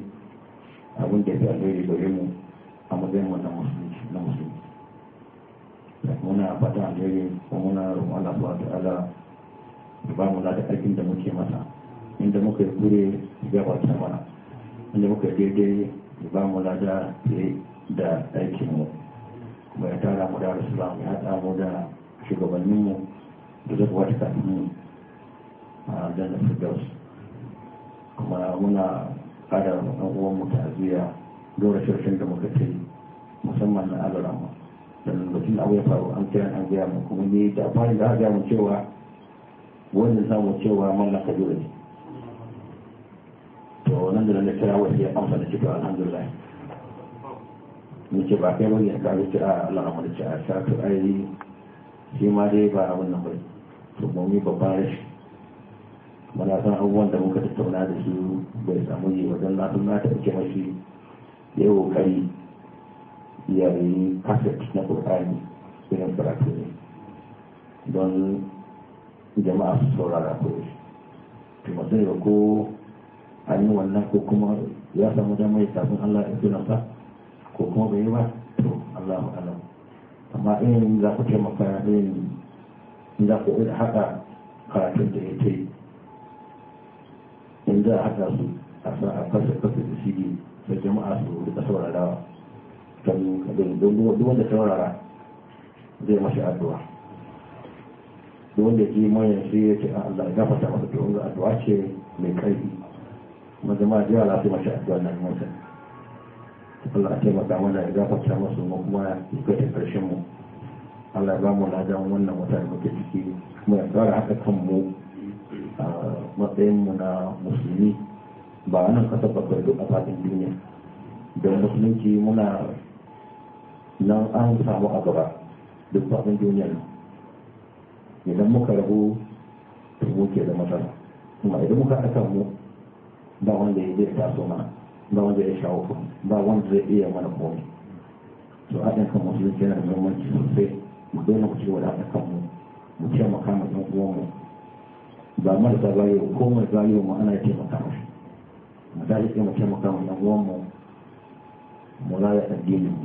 abin da ya fi alheri gare mu a matsayin wannan musulunci na musulunci muna fata jere ko muna roƙon Allah wata ala. da ba mu lada aikin da muke masa inda muka yi kure ya ba ta mana inda muka yi daidai da ba mu lada da aikin mu kuma ya tara mu da rasulullah ya haɗa mu da shugabannin mu da zai wata kafin mu a jannar firdaus kuma muna ƙara ɗan uwan mu ta'aziyya dora shirshin da muka yi musamman na alarama da lokacin da abu ya faru an kira an gaya mu kuma ne da fari da aka mu cewa wannan samu cewa mallaka dole ne to nan da nan da kira wani ya amsa da cikin alhamdulillah ce ba kai wani ya kawo ce a alarama da ci a sa to ai shi ma dai ba wannan bai to mu babban rashi muna san abubuwan da muka tattauna da su bai samu yi wajen na sun na ta ɗauke mashi ya yi kokari ya yi kaset na ƙur'ani irin karatu ne don jama'a su saurara ko shi to ba zai ko an yi wannan ko kuma ya samu damar kafin Allah ya tuna ba? ko kuma bai yi ba to Allah mu alam amma irin za ku taimaka irin za ku iya haɗa karatun da ya ta yi in za a haɗa su a sa a fasa fasa da shi da jama'a su rika saurarawa kan kadai duk wanda saurara zai mashi addu'a duk wanda ke mayan sai ya ce a ah, Allah ya gafarta masa to wanda addu'a ce mai kai kuma jama'a da yawa za mashi addu'a nan masa Allah ya taimaka mana ya gafarta masa mu kuma ya ta karshen mu Allah ya ba mu ladan wannan wata da muke ciki kuma ya haka kan mu a mu na musulmi ba nan kasa babbar duk a fadin duniya don musulunci muna nan an samu a gaba duk fadin duniya ne idan muka rabu mu ke da matsala kuma idan muka aka mu ba wanda ya zai taso mana ba wanda ya shawo kuma ba wanda zai iya mana komai to haɗin kan musulunci yana da muhimmanci sosai mu daina ku cewa da aka mu mu ce ma ɗan uwanmu ba marasa bayo ko mai bayo mu ana taimaka mashi mu tashi sai mu taimaka mu ɗan mu mu raya addinin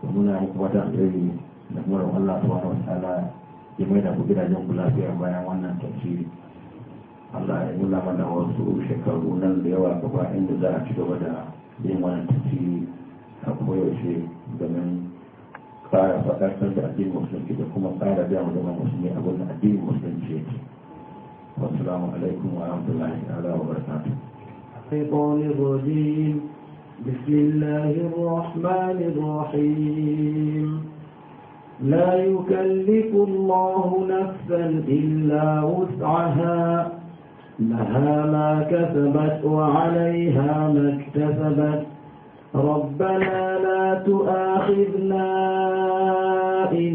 mu muna yi wata alheri da kuma Allah subhanahu wa ta'ala ya mai da ku gidajen ku lafiya bayan wannan tafsiri Allah ya nuna mana wasu shekaru nan da yawa gaba inda za a ci gaba da yin wannan tafsiri a koyaushe domin ƙara faɗarkar da addinin musulunci da kuma ƙara biya mu zama musulmi abin da addinin musulunci yake والسلام عليكم ورحمة الله تعالى وبركاته الشيطان الرجيم بسم الله الرحمن الرحيم لا يكلف الله نفسا إلا وسعها لها ما كسبت وعليها ما اكتسبت ربنا لا تؤاخذنا إن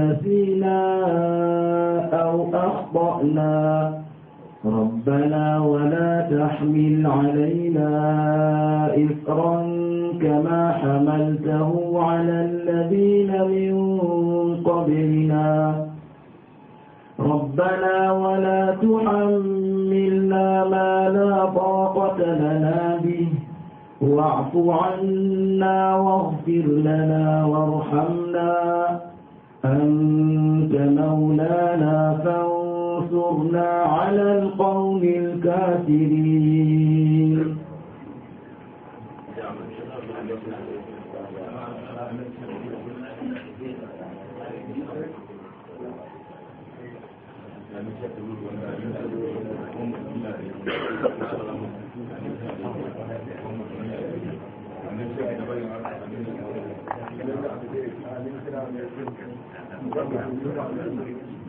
نسينا أو أخطأنا ربنا ولا تحمل علينا إسرا كما حملته على الذين من قبلنا ربنا ولا تحملنا ما لا طاقة لنا به واعف عنا واغفر لنا وارحمنا أنت مولانا فانصرنا على القوم الكافرين Thank you.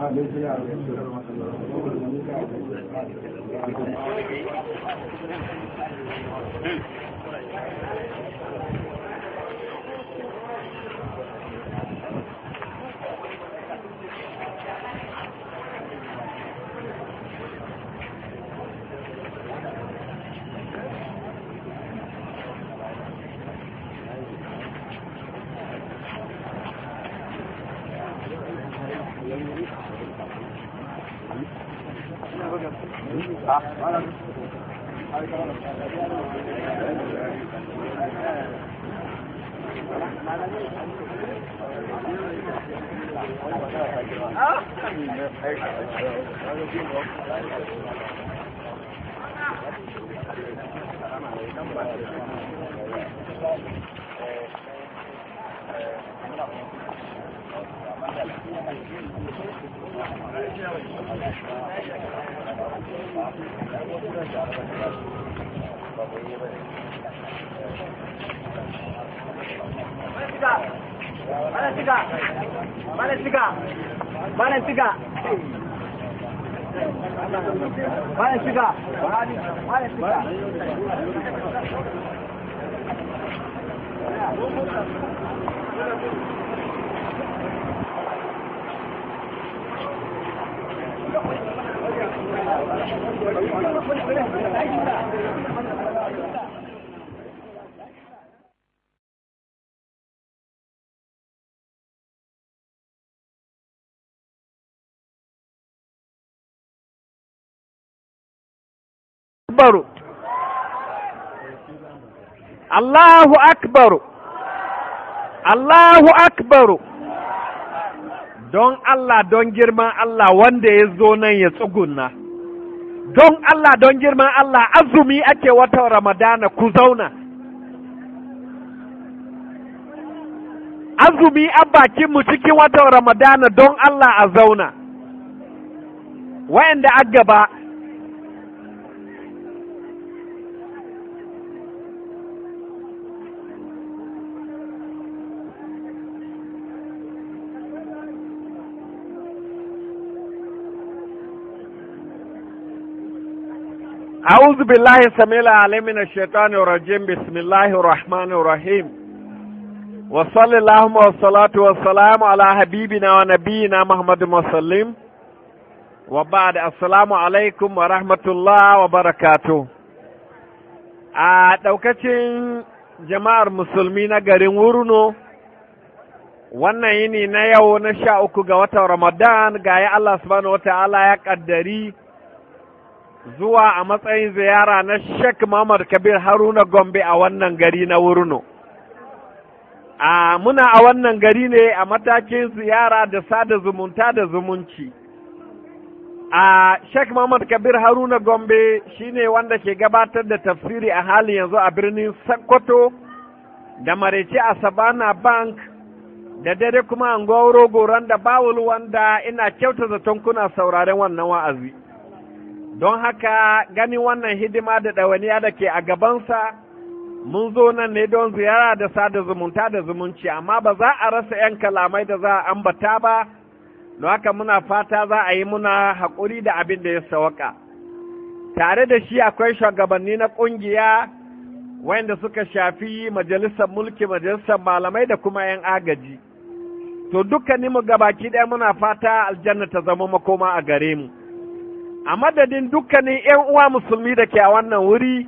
da Thank you. malam shiga malam shiga malam shiga Thank you. akbaru Allahu akbaru Allahu akbaru don Allah don girman Allah wanda ya zo nan ya tsuguna don Allah don girman Allah azumi ake watan Ramadana ku zauna azumi a bakinmu cikin watan Ramadana don Allah a zauna wa'anda a gaba أعوذ بالله السميع العليم من الشيطان الرجيم بسم الله الرحمن الرحيم وصلى اللهم والصلاة والسلام على حبيبنا ونبينا محمد وسلم وبعد السلام عليكم ورحمة الله وبركاته a ɗaukacin jama'ar musulmi na garin wurno wannan yini na yau na sha uku ga watan ramadan ga ya Allah subhanahu wa ta'ala ya ƙaddari zuwa a matsayin ziyara na Sheikh Muhammad Kabir Haruna Gombe a wannan gari na Wurno. A muna a wannan gari ne a matakin ziyara da sada zumunta da zumunci. A Sheikh Muhammad Kabir Haruna Gombe shine wanda ke gabatar da tafsiri a halin yanzu a birnin Sokoto da Mareci a Sabana Bank da dare kuma an goron da bawul wanda ina kyauta zaton kuna sauraren wannan wa'azi. don haka gani wannan hidima da ɗawaniya da ke a gabansa mun zo nan ne don ziyara da sada zumunta da zumunci amma ba za a rasa 'yan kalamai da za a ambata ba don haka muna fata za a yi muna haƙuri da abin da ya sawaka tare da shi akwai shugabanni na ƙungiya wanda suka shafi majalisar mulki majalisar malamai da kuma 'yan agaji to dukkaninmu gabaki ɗaya muna fata aljanna ta zama makoma a gare mu a madadin dukkanin 'yan uwa musulmi da ke a wannan wuri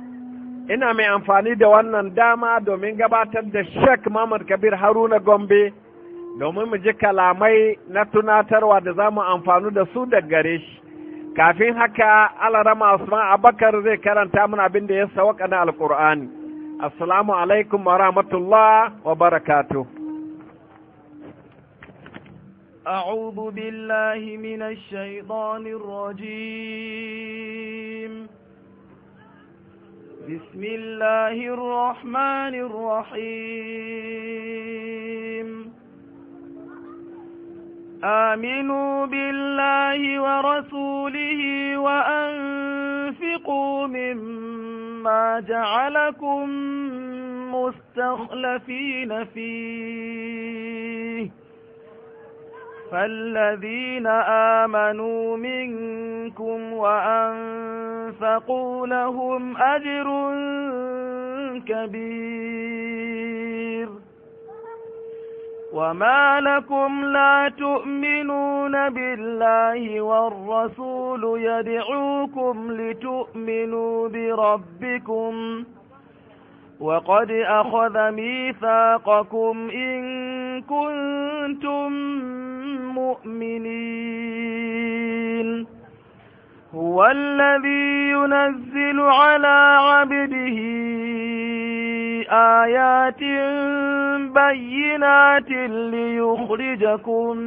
ina mai amfani da wannan dama domin gabatar da Sheikh Muhammad Kabir Haruna Gombe domin mu ji kalamai na tunatarwa da za mu amfanu da su da gare shi kafin haka alarama Usman Abakar zai karanta mana abin da ya sawaka na alkur'ani assalamu alaikum wa rahmatullah wa barakatuh أعوذ بالله من الشيطان الرجيم بسم الله الرحمن الرحيم آمنوا بالله ورسوله وأنفقوا مما جعلكم مستخلفين فيه فالذين آمنوا منكم وأنفقوا لهم أجر كبير وما لكم لا تؤمنون بالله والرسول يدعوكم لتؤمنوا بربكم وقد أخذ ميثاقكم إن كنتم مؤمنين هو الذي ينزل على عبده آيات بينات ليخرجكم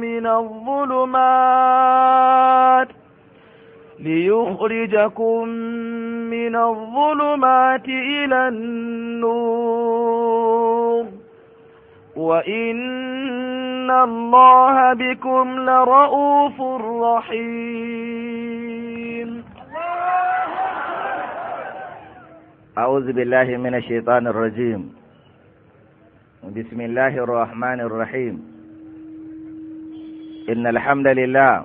من الظلمات ليخرجكم من الظلمات إلى النور وإن الله بكم لرؤوف رحيم أعوذ بالله من الشيطان الرجيم بسم الله الرحمن الرحيم إن الحمد لله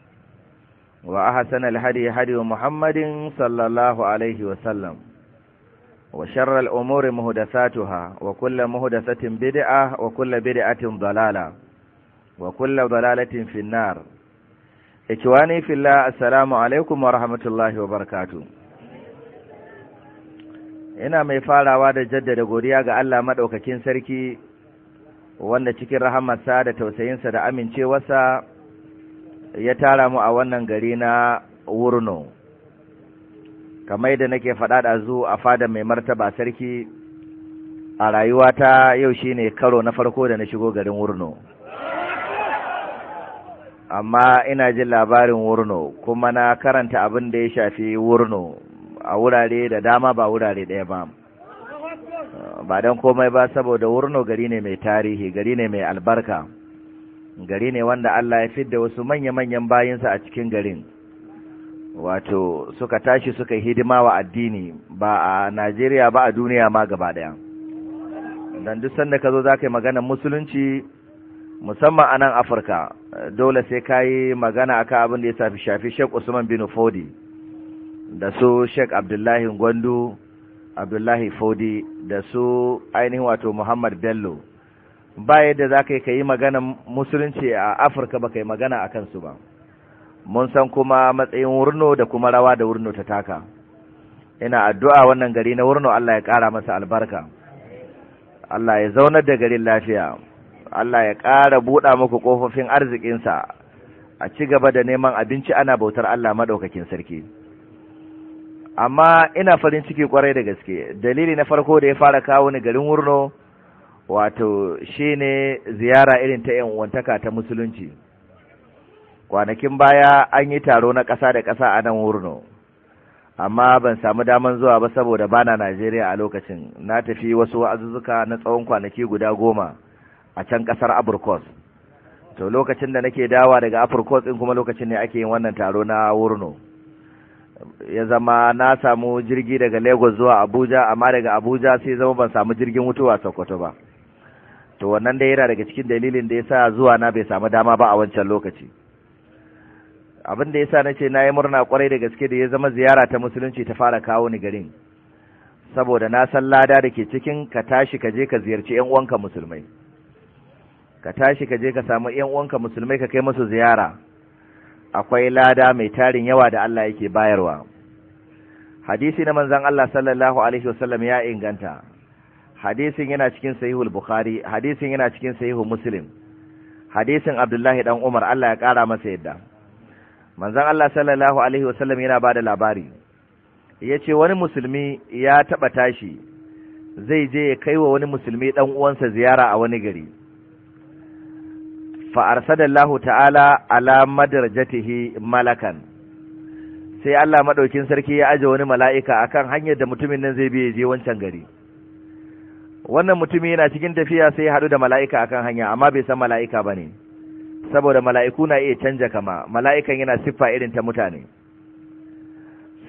وأحسن الهدي هدي محمد صلى الله عليه وسلم وشر الأمور مهدساتها وكل مهدسة بدعة وكل بدعة ضلالة وكل ضلالة في النار إخواني في الله السلام عليكم ورحمة الله وبركاته ina mai farawa da jaddada godiya ga Allah madaukakin sarki wanda cikin rahamarsa da tausayinsa da amincewarsa ya tara mu a wannan gari na wurno kamar da nake faɗa da zu a fada mai martaba sarki a rayuwata yau shine karo na farko da na shigo garin wurno amma ina jin labarin wurno kuma na karanta abin da ya shafi wurno a wurare da dama ba wurare ɗaya ba ba don komai ba saboda wurno gari ne mai tarihi gari ne mai albarka gari ne wanda Allah ya fidda wasu manya-manyan bayinsa a cikin garin wato suka tashi suka hidima wa addini ba a Najeriya ba a duniya ma gaba daya don duk sanda ka zo za ka yi maganar musulunci musamman a nan Afirka dole sai ka yi magana akan abin da ya safi shafi shek Usman bin Fodi da su shek Abdullahi Gwandu Abdullahi Fodi da su ainihin wato Muhammad Bello ba yadda za ka yi ka yi maganan musulunci a afirka ba ka yi magana a kansu ba mun san kuma matsayin wurno da kuma rawa da wurno ta taka ina addu'a wannan gari na wurno allah ya ƙara masa albarka allah ya zaunar da garin lafiya allah ya ƙara buɗa muku ƙofofin arzikinsa a ci gaba da neman abinci ana bautar allah maɗaukakin sarki amma ina farin ciki kwarai da gaske dalili na farko da ya fara kawo ni garin wurno wato shi ne ziyara irin ta uwantaka ta musulunci kwanakin baya an yi taro na ƙasa da ƙasa a nan wurno amma ban samu daman zuwa ba saboda bana Najeriya a lokacin na tafi wasu azuzuka na tsawon kwanaki guda goma a can ƙasar Abrikos to lokacin da nake dawa daga Abrikos din kuma lokacin ne ake yin wannan taro na wurno ya zama na samu jirgi daga Lagos zuwa Abuja amma daga Abuja sai zama ban samu jirgin wutuwa Sokoto ba to wannan dai yana daga cikin dalilin da ya sa zuwa na bai samu dama ba a wancan lokaci abin da ce na yi murna kwarai da gaske da ya zama ziyara ta musulunci ta fara kawo ni garin saboda na san lada da ke cikin ka tashi ka je ka ziyarci ƴan uwanka musulmai ka tashi ka je ka samu ƴan uwanka musulmai ka kai musu ziyara akwai lada mai tarin yawa da Allah yake bayarwa hadisi na manzon Allah sallallahu alaihi wasallam ya inganta hadisin yana cikin sahihul bukhari hadisin yana cikin sahihul muslim hadisin abdullahi dan umar Allah ya kara masa yadda manzon Allah sallallahu alaihi wasallam yana bada labari yace wani musulmi ya taba tashi zai je ya kaiwa wani musulmi dan uwansa ziyara a wani gari fa arsadallahu ta'ala ala madarajatihi malakan sai Allah madaukin sarki ya aje wani mala'ika akan hanyar da mutumin nan zai bi ya je wancan gari wannan mutumi yana cikin tafiya sai ya haɗu da mala'ika akan hanya amma bai san mala'ika ba ne saboda mala'iku na iya canja kama mala'ikan yana siffa irin ta mutane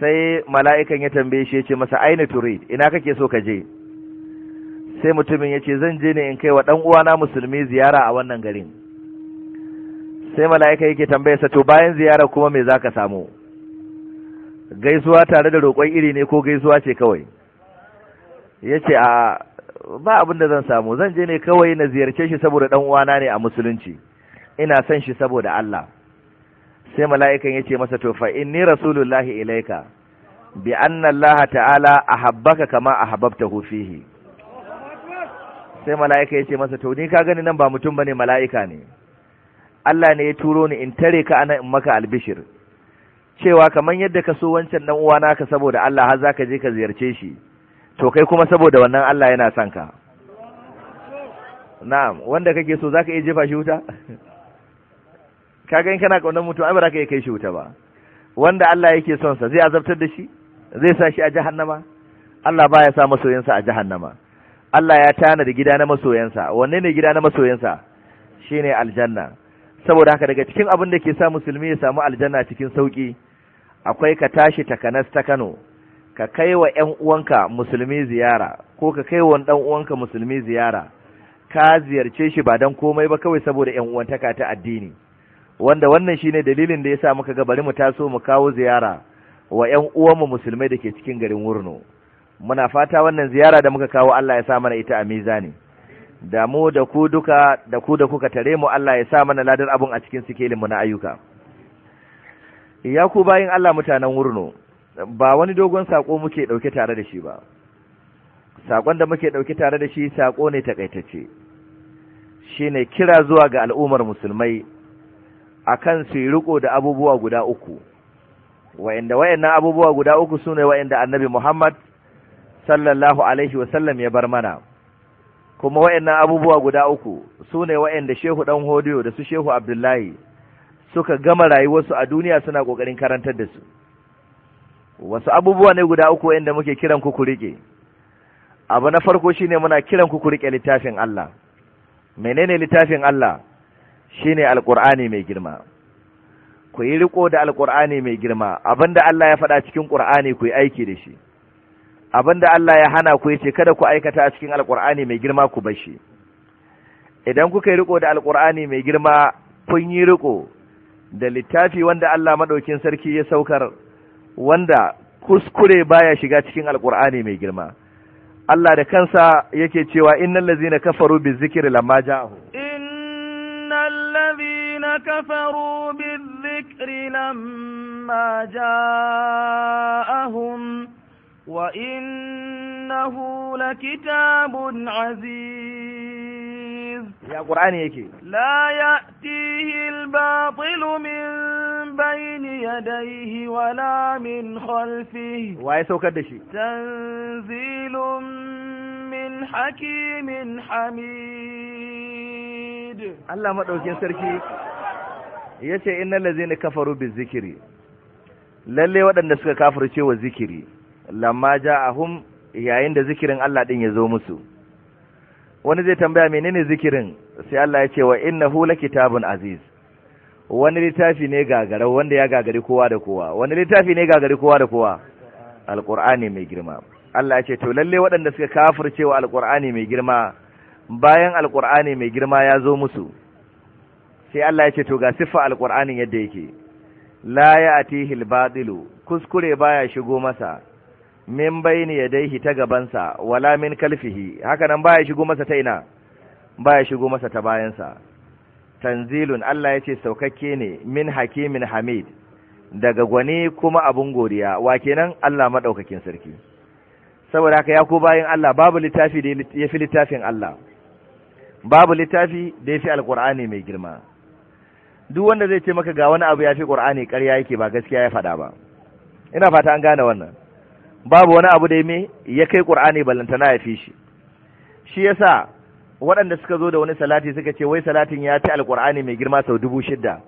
sai mala'ikan ya tambaye shi ya ce masa aini turi ina kake so ka je sai mutumin ya ce zan je ne in kai wa ɗan uwana musulmi ziyara a wannan garin sai mala'ika yake tambaye sa to bayan ziyara kuma me za ka samu gaisuwa tare da roƙon iri ne ko gaisuwa ce kawai ya ce a ba abin da zan samu zan je ne kawai na ziyarce shi saboda dan uwana ne a musulunci ina son shi saboda Allah sai mala'ikan yace masa to fa inni rasulullahi ilaika bi anna Allah ta'ala ahabbaka kama ahabbtahu fihi sai mala'ika yace masa to ni ka gani nan ba mutum bane mala'ika ne Allah ne ya turo ni in tare ka ana in maka albishir cewa kamar yadda ka so wancan dan uwana ka saboda Allah har zaka je ka ziyarce shi to kai kuma saboda wannan Allah yana son ka na'am wanda kake so zaka iya jefa shi wuta kaga in kana kaunar mutum ai ba zaka iya kai shi wuta ba wanda Allah yake son sa zai azabtar da shi zai sa shi a jahannama Allah baya sa masoyansa a jahannama Allah ya tana da gida na masoyansa wanne ne gida na masoyansa shine aljanna saboda haka daga cikin abin da ke sa musulmi ya samu aljanna cikin sauki akwai ka tashi takanas ta Kano ka kai wa ‘yan uwanka musulmi ziyara ko ka kai wa ɗan uwanka musulmi ziyara ka ziyarce shi ba don komai ba kawai saboda ‘yan uwantaka ta addini wanda wannan shine dalilin da ya sa muka ga bari mu taso mu kawo ziyara wa ‘yan uwanmu musulmai da ke cikin garin Wurno muna fata wannan ziyara da muka kawo Allah ya sa mana ita a mizani da mu da ku duka da ku da kuka tare mu Allah ya sa mana ladar abun a cikin sikelin mu na ayyuka ya ku bayin Allah mutanen Wurno ba wani dogon sako muke ɗauke tare da shi ba sakon da muke ɗauke tare da shi sako ne takaitacce shine kira zuwa ga al'ummar musulmai akan su yi riko da abubuwa guda uku wa'inda wa'inda abubuwa guda uku sune wa'inda annabi Muhammad sallallahu alaihi wasallam ya bar mana kuma wa'inda abubuwa guda uku sune wa'inda Shehu dan Hodiyo da su Shehu Abdullahi suka gama rayuwarsu a duniya suna ƙoƙarin karantar da su wasu abubuwa ne guda uku inda muke kiran ku ku riƙe? abu na farko shine muna kiran ku ku rike littafin Allah menene littafin Allah shine alqur'ani mai girma ku yi riko da alqur'ani mai girma abinda Allah ya faɗa cikin qur'ani ku yi aiki da shi abinda Allah ya hana ku yace kada ku aikata a cikin alqur'ani mai girma ku bar shi idan kuka yi riko da alqur'ani mai girma kun yi riko da littafi wanda Allah madaukin sarki ya saukar wanda kuskure baya shiga cikin alkur'ani mai girma Allah da kansa yake cewa innal ladzina kafaru bizikri lamma ja'ahu innal ladzina kafaru bizikri lamma ja'ahum wa innahu lakitabun aziz ya qur'ani yake la ya'tihi al-batilu min بين يديه ولا من خلفه واي سوكر دشي تنزيل من حكيم حميد الله مدوكين سركي yace innal ladzina kafaru bizikri lalle waɗanda suka kafirce wa zikiri lamma ja'ahum yayin da zikirin Allah din ya zo musu wani zai tambaya menene zikirin sai Allah ya ce wa innahu lakitabun aziz wani littafi ne gagara wanda ya gagari kowa da kowa wani littafi ne gagari kowa da kowa alqur'ani mai girma Allah ya ce to lalle waɗanda suka kafirce wa alqur'ani mai girma bayan alqur'ani mai girma ya zo musu sai Allah ya ce to ga siffa alqur'anin yadda yake la ya'tihi al kuskure baya shigo masa min bayni yadayhi ta gabansa wala min kalfihi haka nan baya shigo masa ta ina baya shigo masa ta bayansa tanzilun Allah ya ce saukakke ne min hakimin hamid daga gwani kuma abun godiya wa nan Allah maɗaukakin sarki saboda haka ya ku bayan Allah babu littafi da ya fi littafin Allah babu littafi da ya fi alkur'ani mai girma duk wanda zai ce maka ga wani abu ya fi ƙur'ani ƙarya yake ba gaskiya ya faɗa ba ina fata an gane wannan babu wani abu da ya mai ya kai ƙur'ani ballantana ya fi shi shi yasa waɗanda suka zo da wani salati suka ce wai salatin ya fi alkur'ani mai girma sau dubu shidda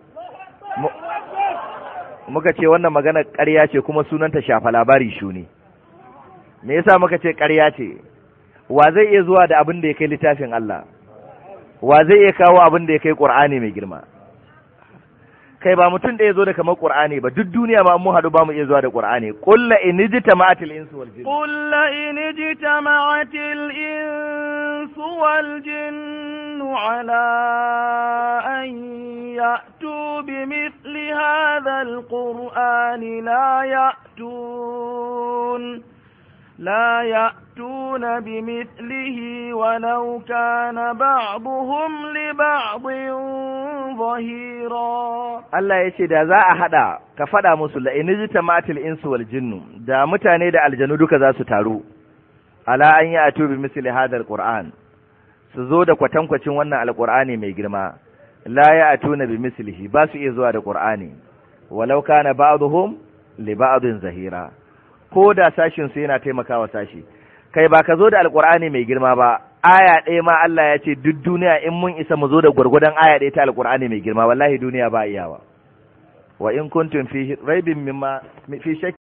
muka ce wannan magana ƙarya ce kuma sunanta shafa labari shuni me yasa muka ce ƙarya ce wa zai iya zuwa da abin da ya kai littafin Allah wa zai iya kawo abin da ya kai ƙur'ani mai girma kai ba mutum da ya zo da kamar Qur'ani ba duk duniya ma mu hadu ba mu iya zuwa da Qur'ani qul la in jitama'atil insu wal jin qul la in jitama'atil insu wal jin ala an ya'tu bi mithli hadha al qur'ani la ya'tun لا يأتون بمثله ولو كان بعضهم لبعض ظهيرا الله yace da za a haɗa ka fada musu la inijtamatil insu wal da mutane da aljanu duka za su taru ala an ya'tu bi misli hadha alquran su zo da kwatankwacin wannan alqur'ani mai girma la ya'tuna bi mislihi ba su iya zuwa da ƙur'ani. walau kana ba'dhum li ba'dhin zahira ko da sashin su yana taimakawa sashi kai ba ka zo da alkur'ani mai girma ba aya ɗaya ma Allah ya ce duk duniya in mun isa mu zo da gwargwadon aya ɗaya ta alkurani mai girma wallahi duniya ba iyawa wa in kuntum fi raibin mimma fi shakki.